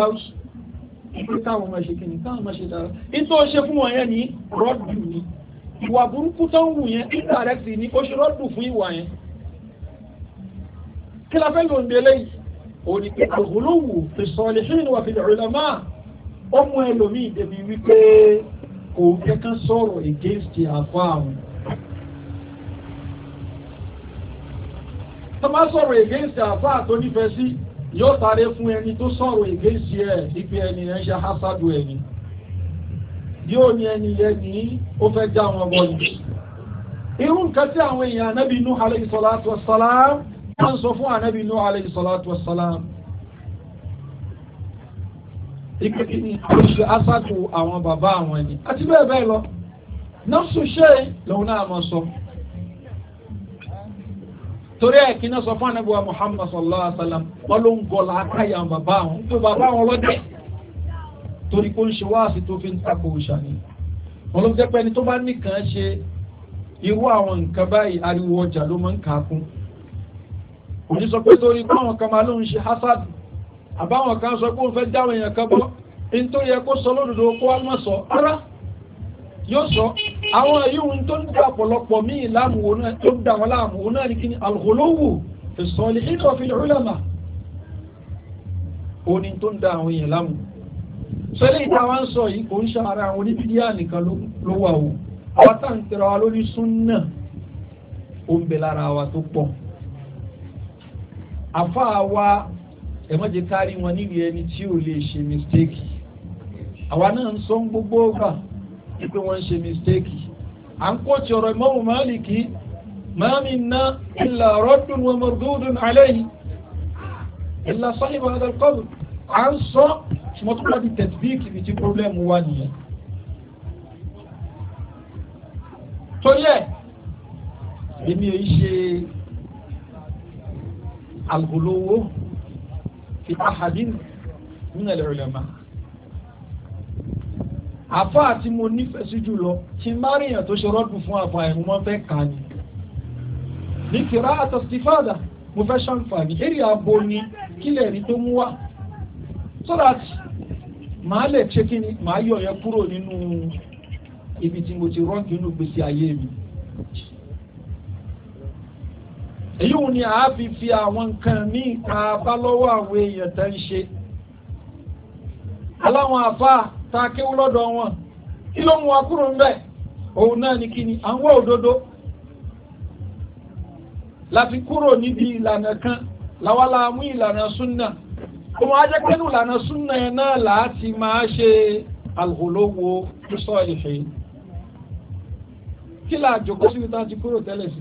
ìpè káwọn máa ṣe kìnnì káwọn máa ṣe dára nítorí ó ṣe fún wọn yẹn ní rọ́dù ni ìwà burúkú tó ń wù yẹn indirect ni ó ṣe rọ́dù fún ìwà yẹn kí la fẹ́ lòun délé yìí òní pé àgólówù fi sọ̀lẹ̀ fún ìwà fi lọ́rọ̀ lọ́mà ọmọ ẹlòmíì débi wípé kò kẹ́kẹ́ sọ̀rọ̀ against àfa àwọn. tọ́ bá sọ̀rọ̀ against àfa àtọ́ nífẹ̀ẹ́ sí yóò sáré fún ẹni tó sọ̀rọ̀ ìgbésí ẹ̀ ibi ẹni ẹ̀ ń ṣe hásádù ẹni yóò ní ẹni yẹn ní ó fẹ́ já wọn wọlé irú nǹkan tí àwọn èèyàn anábì inú alayhi salatu wa salam wọ́n sọ fún anábì inú alayhi salatu wa salam ipe kí ni àwọn ṣe hásádù àwọn bàbá àwọn ẹni àti bẹ́ẹ̀ bẹ́ẹ̀ lọ náà sùn ṣe lòun náà mọ̀ sọ torí ẹ̀ kí náà sọ fún ànábì wa Muhammad sallallahu alaihi wa sallam wọn ló ń gọlà akáyà bàbá àwọn tó bàbá àwọn lọ́jẹ̀ torí kó ń ṣe wáàsí tó fi ń takò òṣàní wọn ló jẹ́ pé ẹni tó bá nìkan ṣe irú àwọn nǹkan báyìí ariwo ọjà ló máa ń kà á kún òní sọ pé torí pé àwọn kan máa ló ń ṣe hasad àbáwọn kan sọ pé òun fẹ́ dáwọn èèyàn kan bọ́ nítorí ẹ kó sọ lódodo kó wá mọ̀ sọ rárá yóò sọ àwọn yíwù tó ń dá ọ̀pọ̀lọpọ̀ míì láàmú wọn náà tó ń dá wọn láàmú wọn náà ní kí ni alghuluwu fi salihin wa fil ulama òní tó ń dá àwọn èèyàn láàmú sọlẹ̀ ìta wa ń sọ yìí kò ń ṣe ara àwọn oníbíyà nìkan ló wà o àwọn tá à ń tẹ̀ra wa lórí súnnà ó ń bẹ lára wa tó pọ̀ àfa wa ẹ má jẹ́ kárí wọn níbi ẹni tí ò lè ṣe mistake àwa náà ń sọ gbogbo ọgbà ipe wọ́n ń ṣe mistake à ń kó ti ọ̀rọ̀ Imamu Maliki ma minna illa raddun wa mardudun alayhi illa sahiba hadha al-qabr à ń sọ ṣùgbọ́n tó bá di tẹ̀síbíìkì ibi tí problem wà nìyẹn. torí ẹ̀ èmi ò ṣe al fi ahadin min al àfa àti mo nífẹ̀ẹ́ sí jùlọ tí má rí èèyàn tó ṣe rọ́dùn fún àfa ẹ̀ mo máa fẹ́ kà á ni. ní kìrá àtọ̀sífàdà mo fẹ́ ṣàǹfààní eré ààbò ni kílẹ̀ rí tó mú wá so that màá lè ṣe kí ni màá yọ yẹn kúrò nínú ibi tí mo ti rọ́ọ̀kì nínú gbèsè ayé mi. èyí ò ní àá fi fi àwọn nǹkan míì ká bá lọ́wọ́ àwọn èèyàn tá ń ṣe aláwọn àfáà tá a kéwú lọ́dọ̀ wọn kí ló mú wa kúrò ń bẹ̀ òun náà ni kí ni à ń wá òdodo láti kúrò níbi ìlànà kan làwọn la mú ìlànà súnà òun á jẹ́ pé ní ìlànà súnà yẹn náà láti máa ṣe àlùkòlówó sọ ìfẹ́ kí là jòkó síbi tá a ti kúrò tẹ́lẹ̀ sí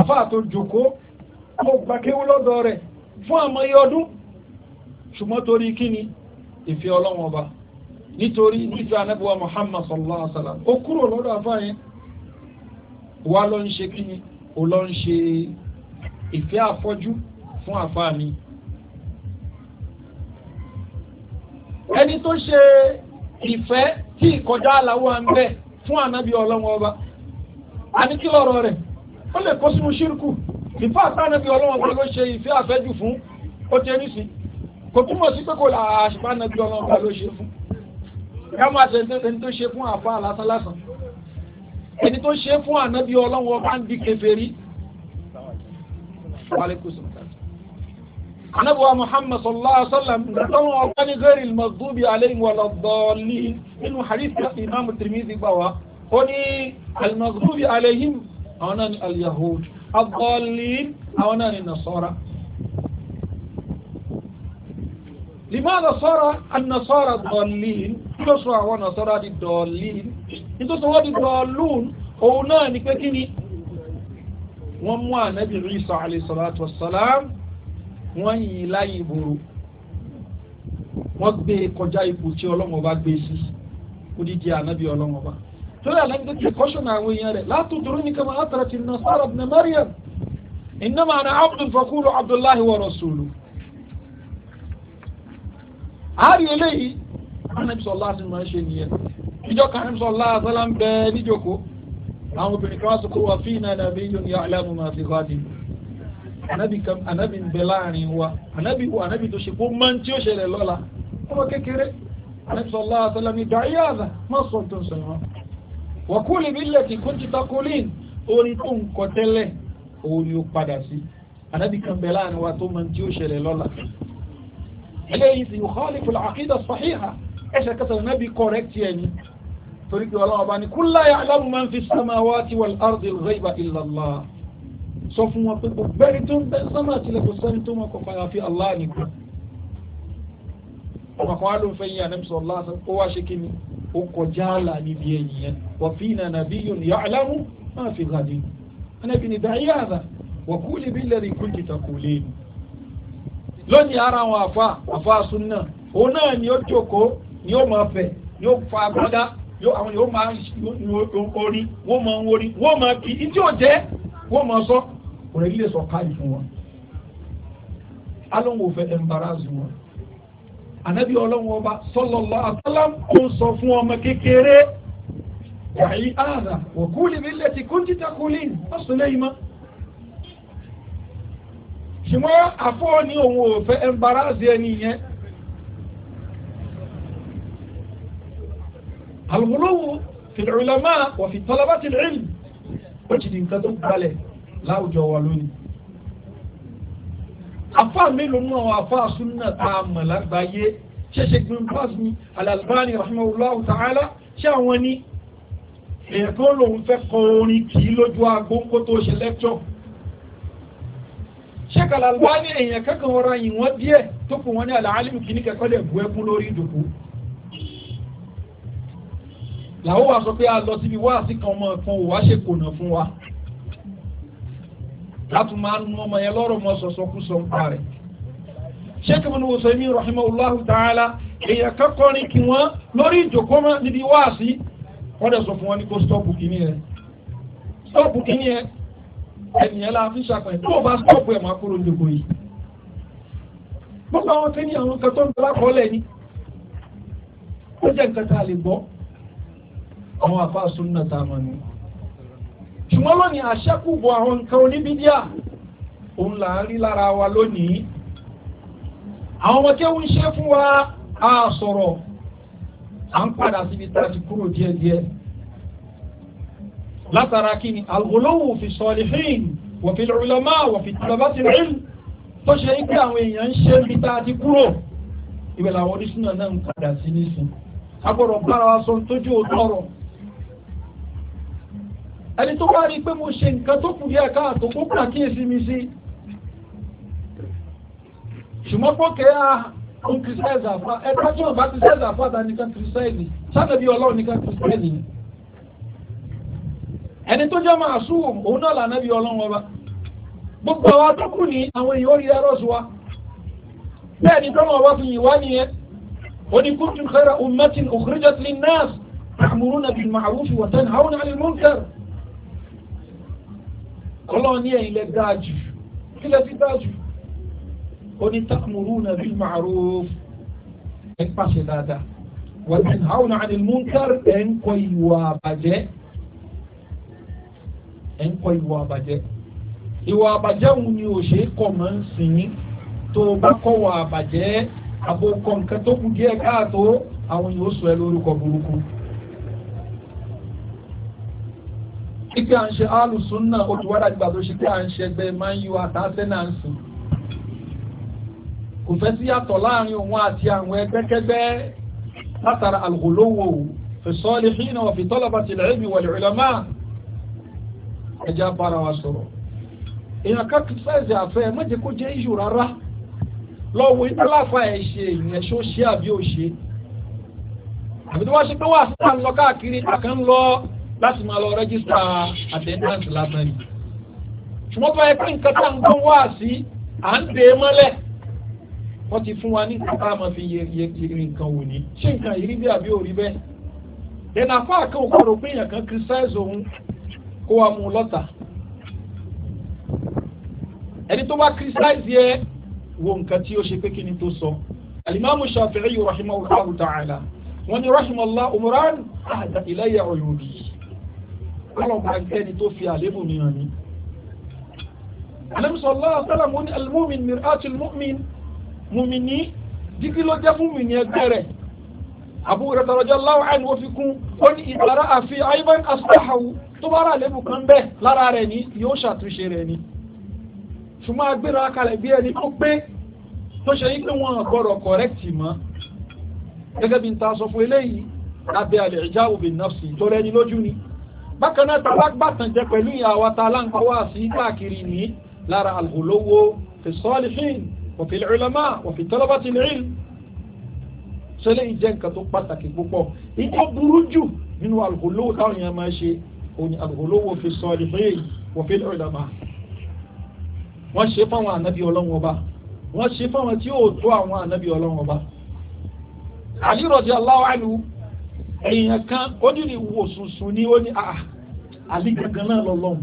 àfáà tó jòkó ó gbàkéwú lọ́dọ̀ rẹ̀ fún àmọ́ ọdún ṣùgbọ́n torí kí ni ìfẹ́ ọlọ́wọ́n ọba nítorí nítorí anábíwá Muhammad sallallahu alaihi wa sallam ó kúrò lọ́dọ̀ àfáàyẹn wa ló ń ṣe kí ni ó lọ ń ṣe ìfẹ́ àfọ́jú fún àfáà mi. ẹni tó ṣe ìfẹ́ tí ìkọjá aláwọ̀ ń bẹ fún anábì ọlọ́wọ́n ọba àní kí lọ́rọ̀ rẹ̀ ó lè kó sínú ṣírkù ìfẹ́ àtànábì ọlọ́wọ́n ọba ló ṣe ìfẹ́ àfẹ́jù fún ó ti ẹni kò túmọ̀ sí pé kò là àṣìbánajú ọlọ́ọ̀bá ló ṣe fún ká máa tẹ̀lé ẹni tó ṣe fún àfa lásán lásán ẹni tó ṣe fún ànábì ọlọ́wọ́ bá ń di kèfèrí. ànábì wa muhammad sallallahu alaihi wa sallam gbàtọ́wọ́ ọ̀gbẹ́ni ghayril maghdubi alayhim waladdallin nínú hadith kan imaamu tirmidhi gbà wá ó ní al-maghdubi alayhim àwọn ni al-yahud ad-dallin ni nasara. lèmọ́dà sọ́ra ànàsọ́ra dọ̀lín tó sọ àwọn ànàsọ́ra di dọ̀lín nítorí wọ́n di dọ̀lún òun náà ni pé kí ni wọ́n mú ànábì Ìsá alayhi salatu wassalam wọ́n yìn láyé ìbòrò wọ́n gbé kọjá ipò tí ọlọ́mọ bá gbé sí odidi ànábì ọlọ́mọ bá lórí ànábì tó ti kọ́ṣọ̀nà àwọn èèyàn rẹ̀ látòdúró ní kama atrat an-nasara ibn Maryam innama ana abdun faqulu abdullahi wa rasuluhu àárín eléyìí anamisọlá sì máa ń ṣe nìyẹn ìjọ kan anamisọlá àtàlà ń bẹ níjòkó àwọn obìnrin kan wá sọ pé wà fí iná nàbí yóò ní aláàmú máa fi kọ́ àdìyí anabi kan anabi ń bẹ láàrin wa anabi wo anabi tó ṣe kó máa ń tí ó ṣẹlẹ̀ lọ́la ọmọ kékeré anabi àtàlà ní dàáyé má sọ tó ń sọ wọn. wàkúlì bí lẹ́tì kún ti takolín orin tó ń kọ tẹ́lẹ̀ orí ó padà sí anabi kan bẹ láàrin wa tó máa ń tí ó ṣẹlẹ̀ lọ́la eléyìí sì yukhalifu al-aqida as-sahiha ẹ̀ṣẹ̀ kẹsàn nábì correct yẹn ni torí pé ọlọ́wọ́ bá ní kul la ya'lamu man fi as-samawati wal-ardi al-ghayba illa Allah sọ fún wọn pé gbogbo ẹni tó ń bẹ sánmà tilẹ̀ kò sẹ́ni tó mọ̀ kọ̀ọ̀kan àfi Allah nìkan ọkọ̀ wa ló ń fẹ́ yín àná sọ lásà ó wá ṣe kí ni ó kọjá àlà níbi ẹ̀yìn yẹn wa fina nabiyyun ya'lamu ma fi ghadin ẹnẹ́bí ni dàáyé àdà wa quli billadhi kunti taqulin lónìí ara àwọn àfa àfa sunna òun náà ni ó jókòó ni ó máa fẹ̀ ni ó fa agbádá àwọn yóò máa orí wọ́n máa ń orí wọ́n máa kí ní tí ò jẹ́ wọ́n máa sọ òrè ilé sọ káyì fún wọn. alóhùn òfẹ ẹmbarazu wọn anabi ọlọ́run ọba sọlọ́lọ́ àtàlám kò sọ fún ọmọ kékeré wàyí ààrà wọ̀kúlì mi lẹ́tì kúntìtàkùlì ọ̀sùn lẹ́yìn máa ṣùgbọ́n àfọ́ ní òun ò fẹ́ ẹmbaráàsì ẹni yẹn alùmọ́lọ́wọ́ fìlìrìlámà wà fi tọ́lábà ti rìn ó ti di nǹkan tó gbalẹ̀ láwùjọ wa lónìí afá mélòó náà wà afá súnà tá a mọ̀ lágbàáyé ṣẹṣẹ green pass ni al ta'ala ṣé àwọn ní èèyàn lòun fẹ́ kọ orin kì í lójú agbóńkó tó ṣe lẹ́kṣọ̀ọ́ ṣékàlà wá ní èèyàn kankan ọ̀rọ̀ àyìn wọ́n díẹ̀ tó kù wọ́n ní àlàálìmù kìíní kẹ́kọ́ lè bu ẹkún lórí ìdòkú. làwọn wà sọ pé a lọ síbi wáàsí kan ọmọ kan ò wá ṣe kònà wa. látùn máa ń mọmọ yẹn lọ́rọ̀ mọ sọ̀sọ́ kú sọ nípa rẹ̀. ṣékì mi ni wò ta'ala èèyàn kankan ni kí wọ́n lórí ìdòkú níbi wáàsí wọ́n dẹ̀ sọ fún wọn ní kó stọ́ọ̀bù kìíní yẹn. stọ́ọ̀bù kìíní yẹn ẹnìyẹn la fi ṣàpẹ̀yìn tó o bá stọ́ọ̀pù ẹ̀ máa kúrò nígbò yìí. gbogbo àwọn kẹ́ni àwọn kan tó ń tọ́lá kọ́lẹ̀ ni ó jẹ́ nǹkan tá a lè gbọ́ àwọn àfáà súnà tá a mọ̀ ni. ṣùgbọ́n lónìí àṣẹ́kùbọ̀ àwọn nǹkan oníbídíà òun là ń rí lára wa lónìí. àwọn ọmọ kéwù ń ṣe fún wa a sọ̀rọ̀ à ń padà síbi tá a ti kúrò díẹ̀díẹ̀ látara kí ni al-ghuluw fi salihin wa fi al-ulama wa fi talabati al-ilm tó ṣe pé àwọn èèyàn ń ṣe bí tá a ti kúrò ibẹ̀ làwọn oníṣúná náà ń padà sí nísìn agbọ́dọ̀ bára wa sọ tójú òtún ọ̀rọ̀ ẹni tó wá rí pé mo ṣe nǹkan tó kù díẹ̀ káàtó kó ẹni tó jẹ́ máa sùn òun náà là nábì ọlọ́run ọba gbogbo àwọn atọ́kù ní àwọn èèyàn orí ẹrọ sùn wa bẹ́ẹ̀ ni tọ́lọ́ ọba fi yìn wá nìyẹn oníkùtù kẹrẹ ummatin ukhrijat lin nas ta'muruna bil ma'ruf wa tanhawna 'anil munkar ọlọ́run ní ẹ̀yin lẹ dáa kí lẹ fi dáa jù oni ta'muruna bil ma'ruf ẹ pàṣẹ dáadáa wa tanhawna 'anil munkar ẹ ń kọ ìwà àbàjẹ́ ẹ̀ ń kọ́ ìwà àbàjẹ́ ìwà àbàjẹ́ òun ni ò ṣe é kọ̀ mọ́ ń sìn yín tó o bá kọ́ wà àbàjẹ́ àbò kọ̀ nǹkan tó kù díẹ̀ káàtó àwọn yóò sọ ẹ lórúkọ burúkú. ipe à alùsùn náà ó ti wá dàgbà tó ṣe pé à ń máa ń yọ àtàṣẹ́ náà ń sìn. kò fẹ́ sí yàtọ̀ láàrin òun àti àwọn ẹgbẹ́kẹ́gbẹ́ látara al-ghuluw fi salihin wa fi talabati al-ilmi wal ulama ẹja bára wa sọ̀rọ̀ èèyàn ká kìtìsáìsì àfẹ́ mẹ́jẹ kó jẹ́ iṣu rárá lọ́wọ́ aláfa ẹ̀ ṣe èèyàn ṣó ṣe àbí ò ṣe àbí tó wá ṣe pé wà sáà ń lọ káàkiri àkàn ń lọ láti máa lọ rẹ́gísítà àtẹ̀ńdáǹtì lásán yìí ṣùgbọ́n tó yẹ pé nǹkan tá ń gbọ́n wá sí à ń dè é mọ́lẹ̀ wọ́n ti fún wa ní nǹkan tá a máa fi yẹ irin nǹkan wò ní ṣé nǹkan yìí rí bí àbí ò rí bẹ́ẹ̀ dẹ̀nà fáà kan ò gbọ́dọ̀ pé èèyàn kan kìtìsáìsì òun kó wa mú un lọ́tà ẹni tó bá kírísítáìsì ẹ wo nǹkan tí ó ṣe pé kíni tó sọ alimami shafi'i rahimahullahu ta'ala wọn ni rahimallah umran ahda ilayya uyubi ọlọmọ ẹni tó fi àlébù mi hàn ní. alẹ́mùsọ̀ allah sálàm ó ní almumin mir'atul mu'min mumini dígí ló jẹ́ fún ẹgbẹ́ rẹ̀ abu rẹ̀ tọrọjọ́ láwọn àìní wọ́n fi kún ó ní ìtara àfi ayban asbahu tó bá rà lébù kan bẹ́ẹ̀ lára rẹ̀ ni yóò ṣàtúnṣe rẹ̀ ni ṣùgbọ́n agbéra kalẹ̀ bí ẹni kó pé tó ṣe yí pé wọ́n gbọ́dọ̀ kọ̀rẹ́kìtì mọ́ gẹ́gẹ́ bí n ta sọ fún eléyìí lábẹ́ alẹ́ ìjà òbí nọ́ọ̀sì tó rẹ́ni lójú ni bákan náà tàbá gbàtàn jẹ pẹ̀lú ìyàwó ta láǹkọ́wá sí káàkiri ní lára alhùlówó fi sọ́ọ̀lìfín òfin ìlúlọ́mà òfin tọ́lọ́bàtì ìlú ṣẹlẹ̀ ìjẹ́ nǹkan tó pàtàkì púpọ̀ ìjọ burú jù nínú alhùlówó táwọn èèyàn máa ṣe òní àlùhòlówó fi sọ ìfẹ́ yìí wọ́n fi lọ́rọ̀ dàmà wọ́n ṣe fáwọn ànábì ọlọ́run ọba wọ́n ṣe fáwọn tí yóò tó àwọn ànábì ọlọ́run ọba àlì rọ̀dì aláwàlú èèyàn kan ó ní ní wò sùnsùn ní ó ní àlì ah, ah, gangan náà lọ́lọ́run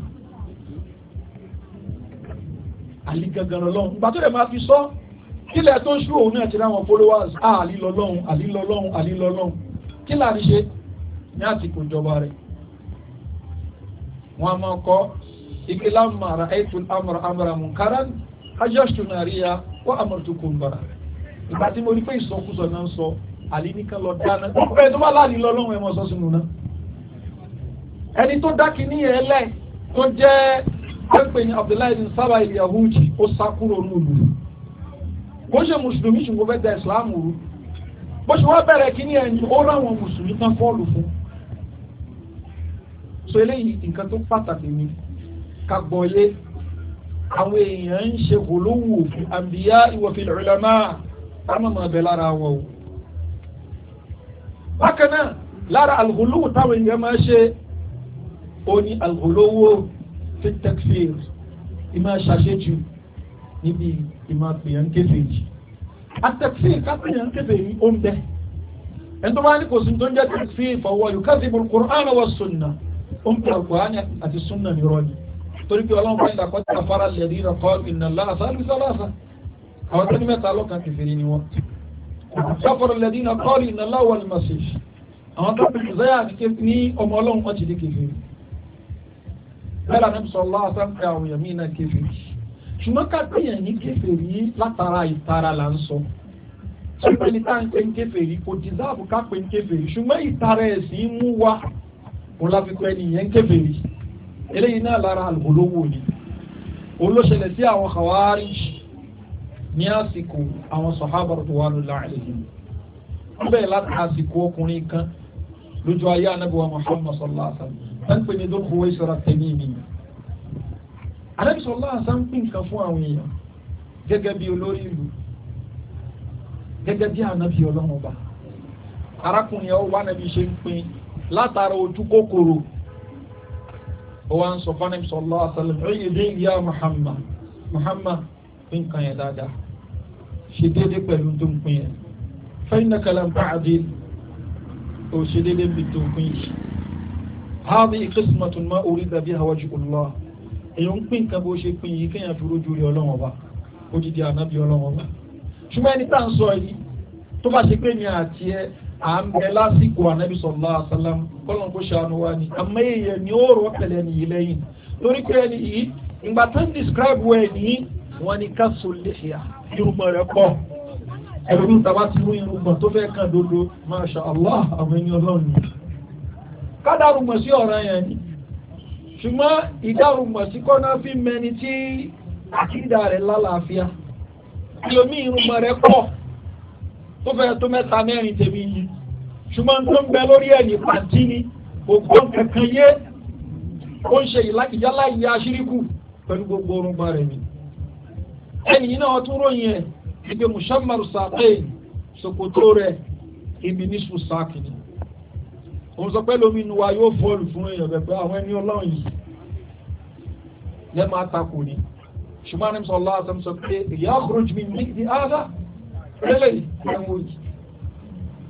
àlì gangan lọ́lọ́run gbàtó rẹ̀ máa fi sọ kílẹ̀ tó ń ṣú òun náà ti láwọn followers àlì ah, lọ́lọ́run àlì lọ́lọ́run àlì lọ́lọ́run kí láàrin ṣe ní àtìkù ìjọba rẹ̀ wọn ma kọ ikila mara lámàrà amara amara munkaran ajásùn àríyá wọ́n amọ̀rà tó ìgbà tí mo rí pé ìsọkúsọ sọ lọ dáná ọ̀pẹ́ tó bá láàrin lọ lọ́wọ́ ẹ̀ náà ẹni tó dákì ní ẹlẹ́ tó jẹ ní al da ìsìlámù rú bó ṣe bẹ̀rẹ̀ kí ó fún so eléyìí nǹkan tó pàtàkì ni ká gbọ́ yé àwọn èèyàn ń ṣe gòlówó àbíyá ìwọ̀fìn ìrìlámà táwọn ọbẹ̀ lára wọn o. bákan náà lára àlùgòlówó táwọn èèyàn máa ṣe ó ní àlùgòlówó fi takfir ìmọ̀ ṣàṣejù níbi ìmọ̀ àpèyàn kéfèèjì àtẹ̀fíì kápẹ́yàn kéfèèjì ó ń bẹ ẹni tó bá ní kò sí tó ń jẹ́ takfir fa huwa yukadhibu al-Qur'ana wa sunnah ó ń pè Al-Qur'ani àti súnà nírọ́ ni torí pé ọlọ́run fún ìdàkọ́ tí afárá lè rí ìrọ̀kọ́ ìnà láàṣà lùsọ́láṣà àwọn tó ní mẹ́ta lọ́kàn kèfèrí ni wọ́n sáfọ̀rọ̀ lè rí ìrọ̀kọ́ ìnà láwọ̀ ni màṣẹ àwọn tó bẹ̀rẹ̀ zaya àti ní ọmọ ọlọ́run kan ti di kèfèrí bẹ́ẹ̀ lànà sọ láàṣà ń pẹ àwọn èèyàn míì náà kèfèrí ṣùgbọ́n ká pèèyàn ní kèfèrí látara ìtara là ń sọ ṣùgbọ́n ìtara ẹ̀sìn mú wa òun láfikún ẹni yẹn kébèrè eléyìí náà lára àlùbọ̀lówó ni òun ló ṣẹlẹ̀ sí àwọn khawarij ní àsìkò àwọn sọ̀hábà tó wà lọ́la àlejò wọ́n bẹ̀rẹ̀ láti àsìkò ọkùnrin kan lójú ayé anábìwá Muhammad sallallahu alaihi wasallam ẹ̀ ń pè ní dókòwò ìṣòro tẹ̀mí mi anábìsọ̀lá àṣà ń pín nǹkan fún àwọn èèyàn gẹ́gẹ́ bí olórí ìlú gẹ́gẹ́ bí ànábì ọlọ́run arákùnrin ọwọ́ ànábì ṣe ń pín látara ojú kòkòrò ó wá ń sọ fún ẹni sọlá àtàlẹ́fẹ́ ẹ̀yẹ dé ìyá Muhammad Muhammad fi ń kan yẹn dáadáa ṣe déédé pẹ̀lú tó ń pin yẹn fẹ́yìn kàlà ń bá àdé ó ṣe déédé bí tó ń pin yìí. hàbí ìkísímọ̀tún máa orí dàbí àwájú olùwà èèyàn ń pín nǹkan bó ṣe pín yìí kéèyàn fi rójú rí ọlọ́wọ́n wa odidi ànábì ọlọ́wọ́n wa ṣùgbọ́n ẹni tá à ń sọ yìí tó bá ṣe pé ní àti à ń bẹ lásìkò ànábì sallallahu alaihi wasallam kọ́lọ̀ kó ṣàánú wa ni àmọ́ èèyàn ni ó rọ̀ pẹ̀lẹ́ nìyí lẹ́yìn torí pé ẹni yìí ìgbà tó ń describe wẹ̀ ní wọn ni ká so lè ṣe irúgbọ̀n rẹ̀ pọ̀ ẹ̀rù tàbá ti mú irúgbọ̀n tó fẹ́ kàn dodo masha allah àwọn ẹni ọlọ́run ni kádàrúgbọ̀n sí ọ̀ràn yẹn ni ṣùgbọ́n ìdárúgbọ̀n sí kọ́ná fi mẹni tí àkídà rẹ̀ lálàáfíà ẹlòmíì irúgbọ̀n rẹ̀ pọ̀ tó fẹ́ tó mẹ́ta mẹ́rin tèmi yìí ṣùgbọ́n tó ń bẹ lórí ẹ̀ pàǹtí ni ògbọ́n kankan yé ó ń ṣe ìyálà ìyá aṣíríkù pẹ̀lú gbogbo orúnba rẹ̀ ni. ẹnì yìí náà tún ròyìn ẹ̀ ibi musamman sàkéyìn ṣòkòtò rẹ̀ ibi níṣu sàkìní. òun sọ pé lómi nu wa yóò fọ́ọ̀lù fún èèyàn bẹ̀ àwọn ẹni ọlọ́run yìí lẹ́ máa takò ni. ṣùgbọ́n ní ìdí tẹ́lẹ̀ ìwọ̀n òjì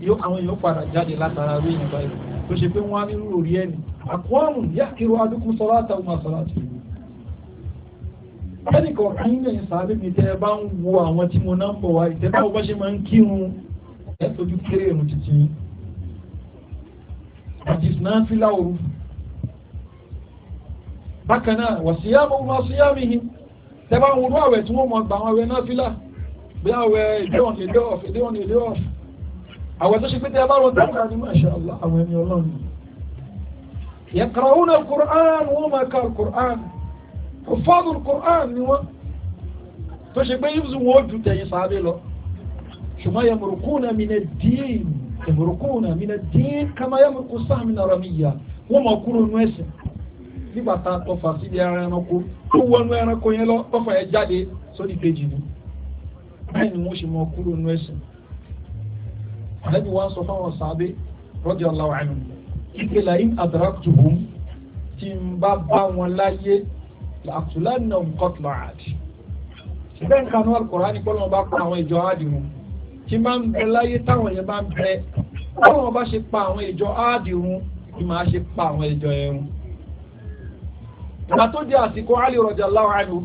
yóò àwọn èèyàn padà jáde látara rí ìyẹn báyìí tó ṣe pé wọ́n á nírú orí ẹni àkọ́ọ̀mù yá kiri adúkún sọ́lá àtàwọn máa sọ́lá tó yìí. ẹnìkan kí ń gbẹ̀yìn sáré mi tẹ́ ẹ bá ń wo àwọn tí mo náà ń bọ̀ wá ìtẹ́ báwo bá ṣe máa ń kírun ẹ tójú kéré ìrùn títí yín. àjìsùn náà fi láòrù. bákan náà wàsíyá mo máa síyá mi yìí tẹ́ bá ń wo àwẹ̀ tí wọ́n mọ̀ gbà àwọn àwẹ̀ náà fi láà bí àwẹ̀ ìdí ọ̀nà ìdí ọ̀f ìdí ọ̀nà ìdí ọ̀f àwẹ̀ tó ṣe pé tẹ́ ẹ bá lọ dáadáa ni masha Allah àwọn ẹni ọlọ́run ni. yaqra'una al-Qur'an wọ́n máa ka al-Qur'an huffaz al-Qur'an ni wọ́n tó ṣe pé yíṣu wọn ó ju tẹ̀yìn sáré lọ ṣùgbọ́n yamurukuna min ad-din yamurukuna min ad-din kama yamruku as-sahm min ar-ramiyya máa kúrò nú ẹ̀sìn nígbà tá a tọ́fà síbi ẹranko tó wọnú ẹranko yẹn lọ tọ́fà yẹn jáde sódì kejì ni bẹ́ẹ̀ ni wọ́n ṣe mọ kúrò nínú ẹ̀sìn ànábì wa sọ fáwọn sàábé radiyallahu anhum ìkẹlẹ̀ in adraktuhum tí n bá bá wọn láyé làtúlánàá qatla àdì bẹ́ẹ̀ nǹkan náà Al-Qur'ani pọ́nlọ́n bá pa àwọn ìjọ áàdì wọn tí máa ń bẹ láyé táwọn yẹn bá ń bẹ báwọn bá ṣe pa àwọn ìjọ áàdì wọn ni màá ṣe pa àwọn ìjọ yẹn wọn. ìgbà tó di àsìkò Ali radiyallahu anhu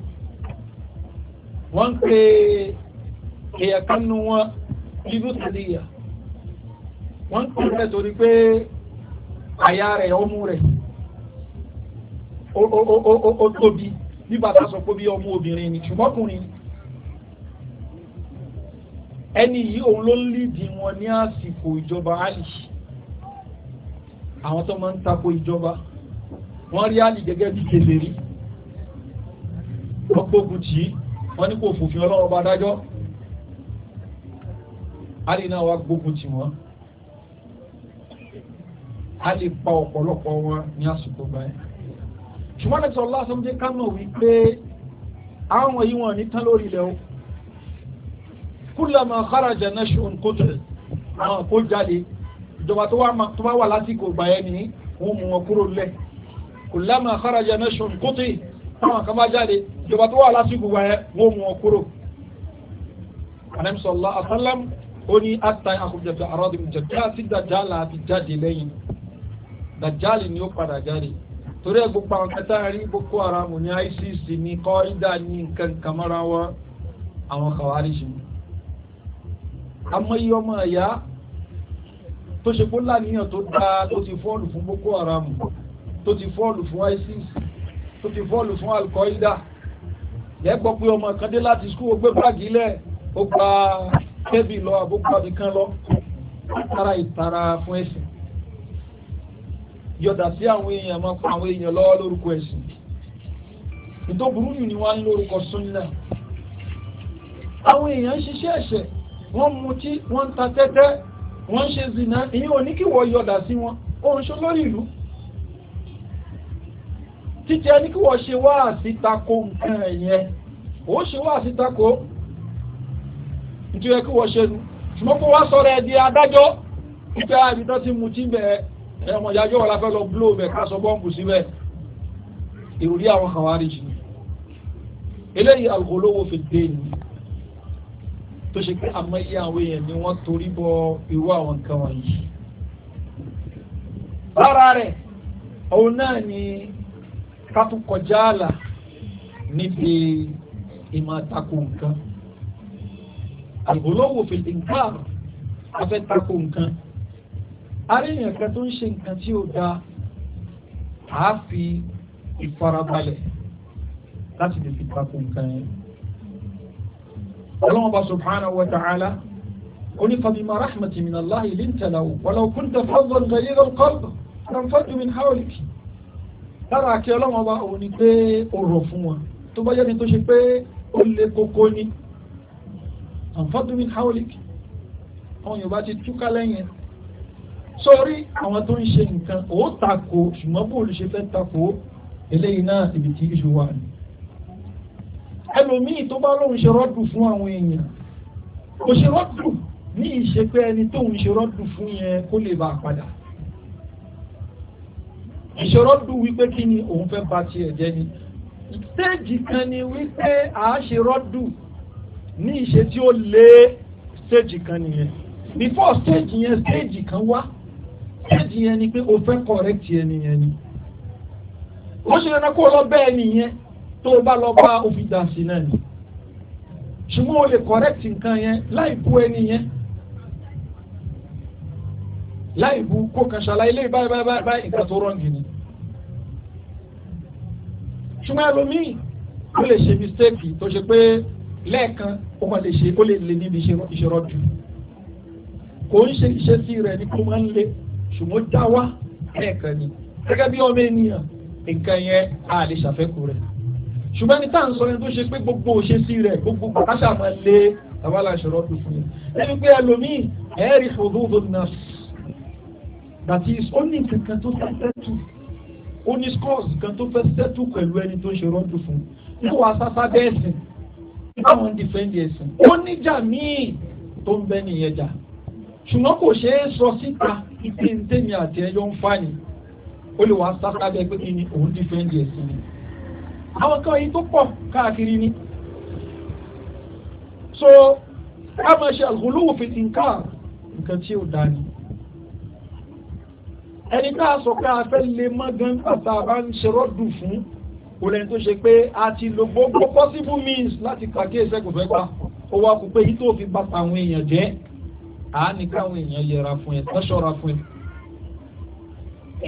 wọ́n ń pe èèyàn kan nu wọn ibú sàdíyà wọ́n ń kúrò rẹ̀ torí pé àyà rẹ̀ ọmú rẹ̀ ó tóbi nígbà tá a sọ pé bí ọmọ obìnrin ni ṣùgbọ́n ọkùnrin ni ẹni yìí òun ló lídì wọn ní àsìkò ìjọba Ali àwọn tó máa ń tako ìjọba wọ́n rí Ali gẹ́gẹ́ bí kèfèrí wọ́n gbógun tì í wọ́n ní kò fòfin Ọlọ́run bá dájọ́. Ali náà wá gbógun tì wọ́n Ali pa ọ̀pọ̀lọpọ̀ wọn ní àsìkò báyìí ṣùgbọ́n ní sọlá sọmọdé kánò wípé àwọn yìí wọn ní tán lórí ilẹ̀ o kúlọ̀mọ̀ kárajà náà ṣe òǹkótó àwọn kó jáde ìjọba tó bá wà lásìkò ìgbà yẹn ni wọ́n mú wọn kúrò lẹ̀ kúlọ̀mọ̀ kárajà náà ṣe òǹkótó àwọn kan bá jáde ìjọba tó wà lásìkò ìgbà wọ́n mú wọn kúrò ó ní ata àkùnjẹ̀bí àrọ́dún jẹ̀bí àti dàjálà àti jáde lẹ́yìn dàjálì ni ó padà jáde torí ẹ̀ gbogbo àwọn kẹta rí boko haram ní ISIS ní kọ́ídà ní nǹkan kàmárà wọn àwọn kàwáríṣi ni amọ̀yí ọmọ ẹ̀yà tó ṣe kó láníyàn tó dáa tó ti fọ́ọ̀lù fún boko haram tó ti fọ́ọ̀lù fún ISIS tó ti fọ́ọ̀lù fún alkoida lẹ́gbọ́ pé ọmọ kan dé láti skul ó gbé báàgì lẹ̀ ó gba kẹ́bì lọ àbúgbàbí kan lọ tara ìtara fún ẹ̀sìn yọ̀dà sí àwọn èèyàn máa fún àwọn èèyàn lọ́wọ́ lórúkọ ẹ̀sìn ìtò burú ni wọ́n ń lórúkọ súnlẹ̀ àwọn èèyàn ń ṣiṣẹ́ ẹ̀ṣẹ̀ wọ́n mutí wọ́n ń ta tẹ́tẹ́ wọ́n ń ṣe zina èyí ò ní kí wọ́n yọ̀dà sí wọn òun ṣe lórí ìlú títí ẹni kí wọ́n ṣe wá àsìtakò nǹkan ẹ̀yẹn òun ṣe wá àsìtakò nítorí ẹ kó wọ́n ṣe nu ṣùgbọ́n kó wá sọ̀rọ̀ ẹ̀ di adájọ́ nípa ibi tó ti mutí bẹ̀ ẹ̀wọ̀n ìyájọ́ wọn la fẹ́ lọ blow bẹ̀ ká sọ bọ́ǹbù síbẹ̀ ìròrí àwọn kan wá rí jù eléyìí alùpùpù fi dé ni tó ṣe pé àmọ́ iye àwọn èèyàn ni wọ́n torí bọ irú àwọn nǹkan wọ̀nyí lára rẹ̀ òun náà ni ká tún kọjá àlà níbi ìmọ̀ àtakò nǹkan àbúlọ́wò fìdí nǹkan afẹ́tako nǹkan aríyàn kan tó ń ṣe nǹkan tí ó da á fi ìfarabalẹ̀ láti lè fi tako nǹkan yẹn. ọlọ́wọ́n bá subhanahu wa ta'ala oní fabima rahmati min allahi linta lahu walaw kunta faddan ghaliza alqalb tanfaddu min hawlik lára àti ọlọ́wọ́n bá òun ni pé ó rọ̀ fún wọn tó bá yẹ́ni tó ṣe pé ó le koko ni àǹfọ̀dù min hawlik àwọn yorùbá ti túká lẹ́yìn sórí àwọn tó ń ṣe nǹkan ó takò ṣùgbọ́n bóòlù ṣe fẹ́ takò eléyìí náà ibi tí iṣu wà ní. ẹlòmíì tó bá lóun ṣe rọ́dù fún àwọn èèyàn kò ṣe rọ́dù ní ìṣe pé ẹni tóun ṣe rọ́dù fún yẹn kó lè bá a padà ìṣòro dùn wípé kí ni òun fẹ́ ba tiẹ̀ jẹ́ ni stéèjì kan ni wípé à ṣe rọ́dù ní ìṣe tí ó lé stage kan nìyẹn before stage yẹn stage kan wá stage yẹn ni pé o fẹ́ correct yẹn nìyẹn ni ó ṣe dandan kó o lọ bẹ́ẹ̀ nìyẹn tó o bá lọ bá òfin dànsì náà ni ṣùgbọ́n o lè correct nǹkan yẹn láì bú ẹni yẹn láì bú kó kan ṣàlàyé lè báyìí báyìí báyìí nǹkan tó rọ́ǹgì ni ṣùgbọ́n ẹlòmíì ó lè ṣe mistake tó ṣe pé lẹ́ẹ̀kan ó kàn lè ṣe ó lè lè níbi ìṣòro jù kò ń ṣe iṣẹ́ sí rẹ̀ ní kó máa ń le ṣùgbọ́n dá wá ẹ̀ẹ̀kan ni gẹ́gẹ́ bí ọmọ ènìyàn nǹkan yẹn a lè ṣàfẹ́kù rẹ̀ ṣùgbọ́n ní táà ń sọ yẹn tó ṣe pé gbogbo òṣèṣì rẹ̀ gbogbo àṣà máa lé tàbálà ìṣòro tó fún yẹn lẹ́nu pé ẹlòmíì ẹ̀ẹ́rì fòdòdó náà that is ó ní kankan tó fẹ́ sẹ́tù ó ní scores kan tó fẹ́ sẹ́tù pẹ̀lú ẹni tó ṣe rọ́dù fún un níwọ̀n asásá bẹ́ẹ̀ báwọn ń dìfẹ́ǹdì ẹ̀sìn ó níjà míì tó ń bẹ́ nìyẹn jà ṣùgbọ́n kò ṣeé sọ síta ibi ntẹ́mi àti ẹjọ́ ń fà ní ó lè wá sáká bẹ́ẹ̀ pé kí ni òun dìfẹ́ǹdì ẹ̀sìn ni àwọn kan yìí tó pọ̀ káàkiri ni so a máa ṣe àgùlùwò fìtì nǹkan nǹkan tí ò dá ni ẹni tá a sọ pé a fẹ́ lè mọ́ gan pàtàkì àbá ń ṣe fún kò lẹ́ni tó ṣe pé a ti lo gbogbo possible means láti pàdé ìṣẹ́kùnfẹ́ pa ó wá kó pé yìí tó fi bàtà àwọn èèyàn jẹ́ àá ní káwọn èèyàn yẹra fún ẹ tọ́ṣọ́ra fún ẹ.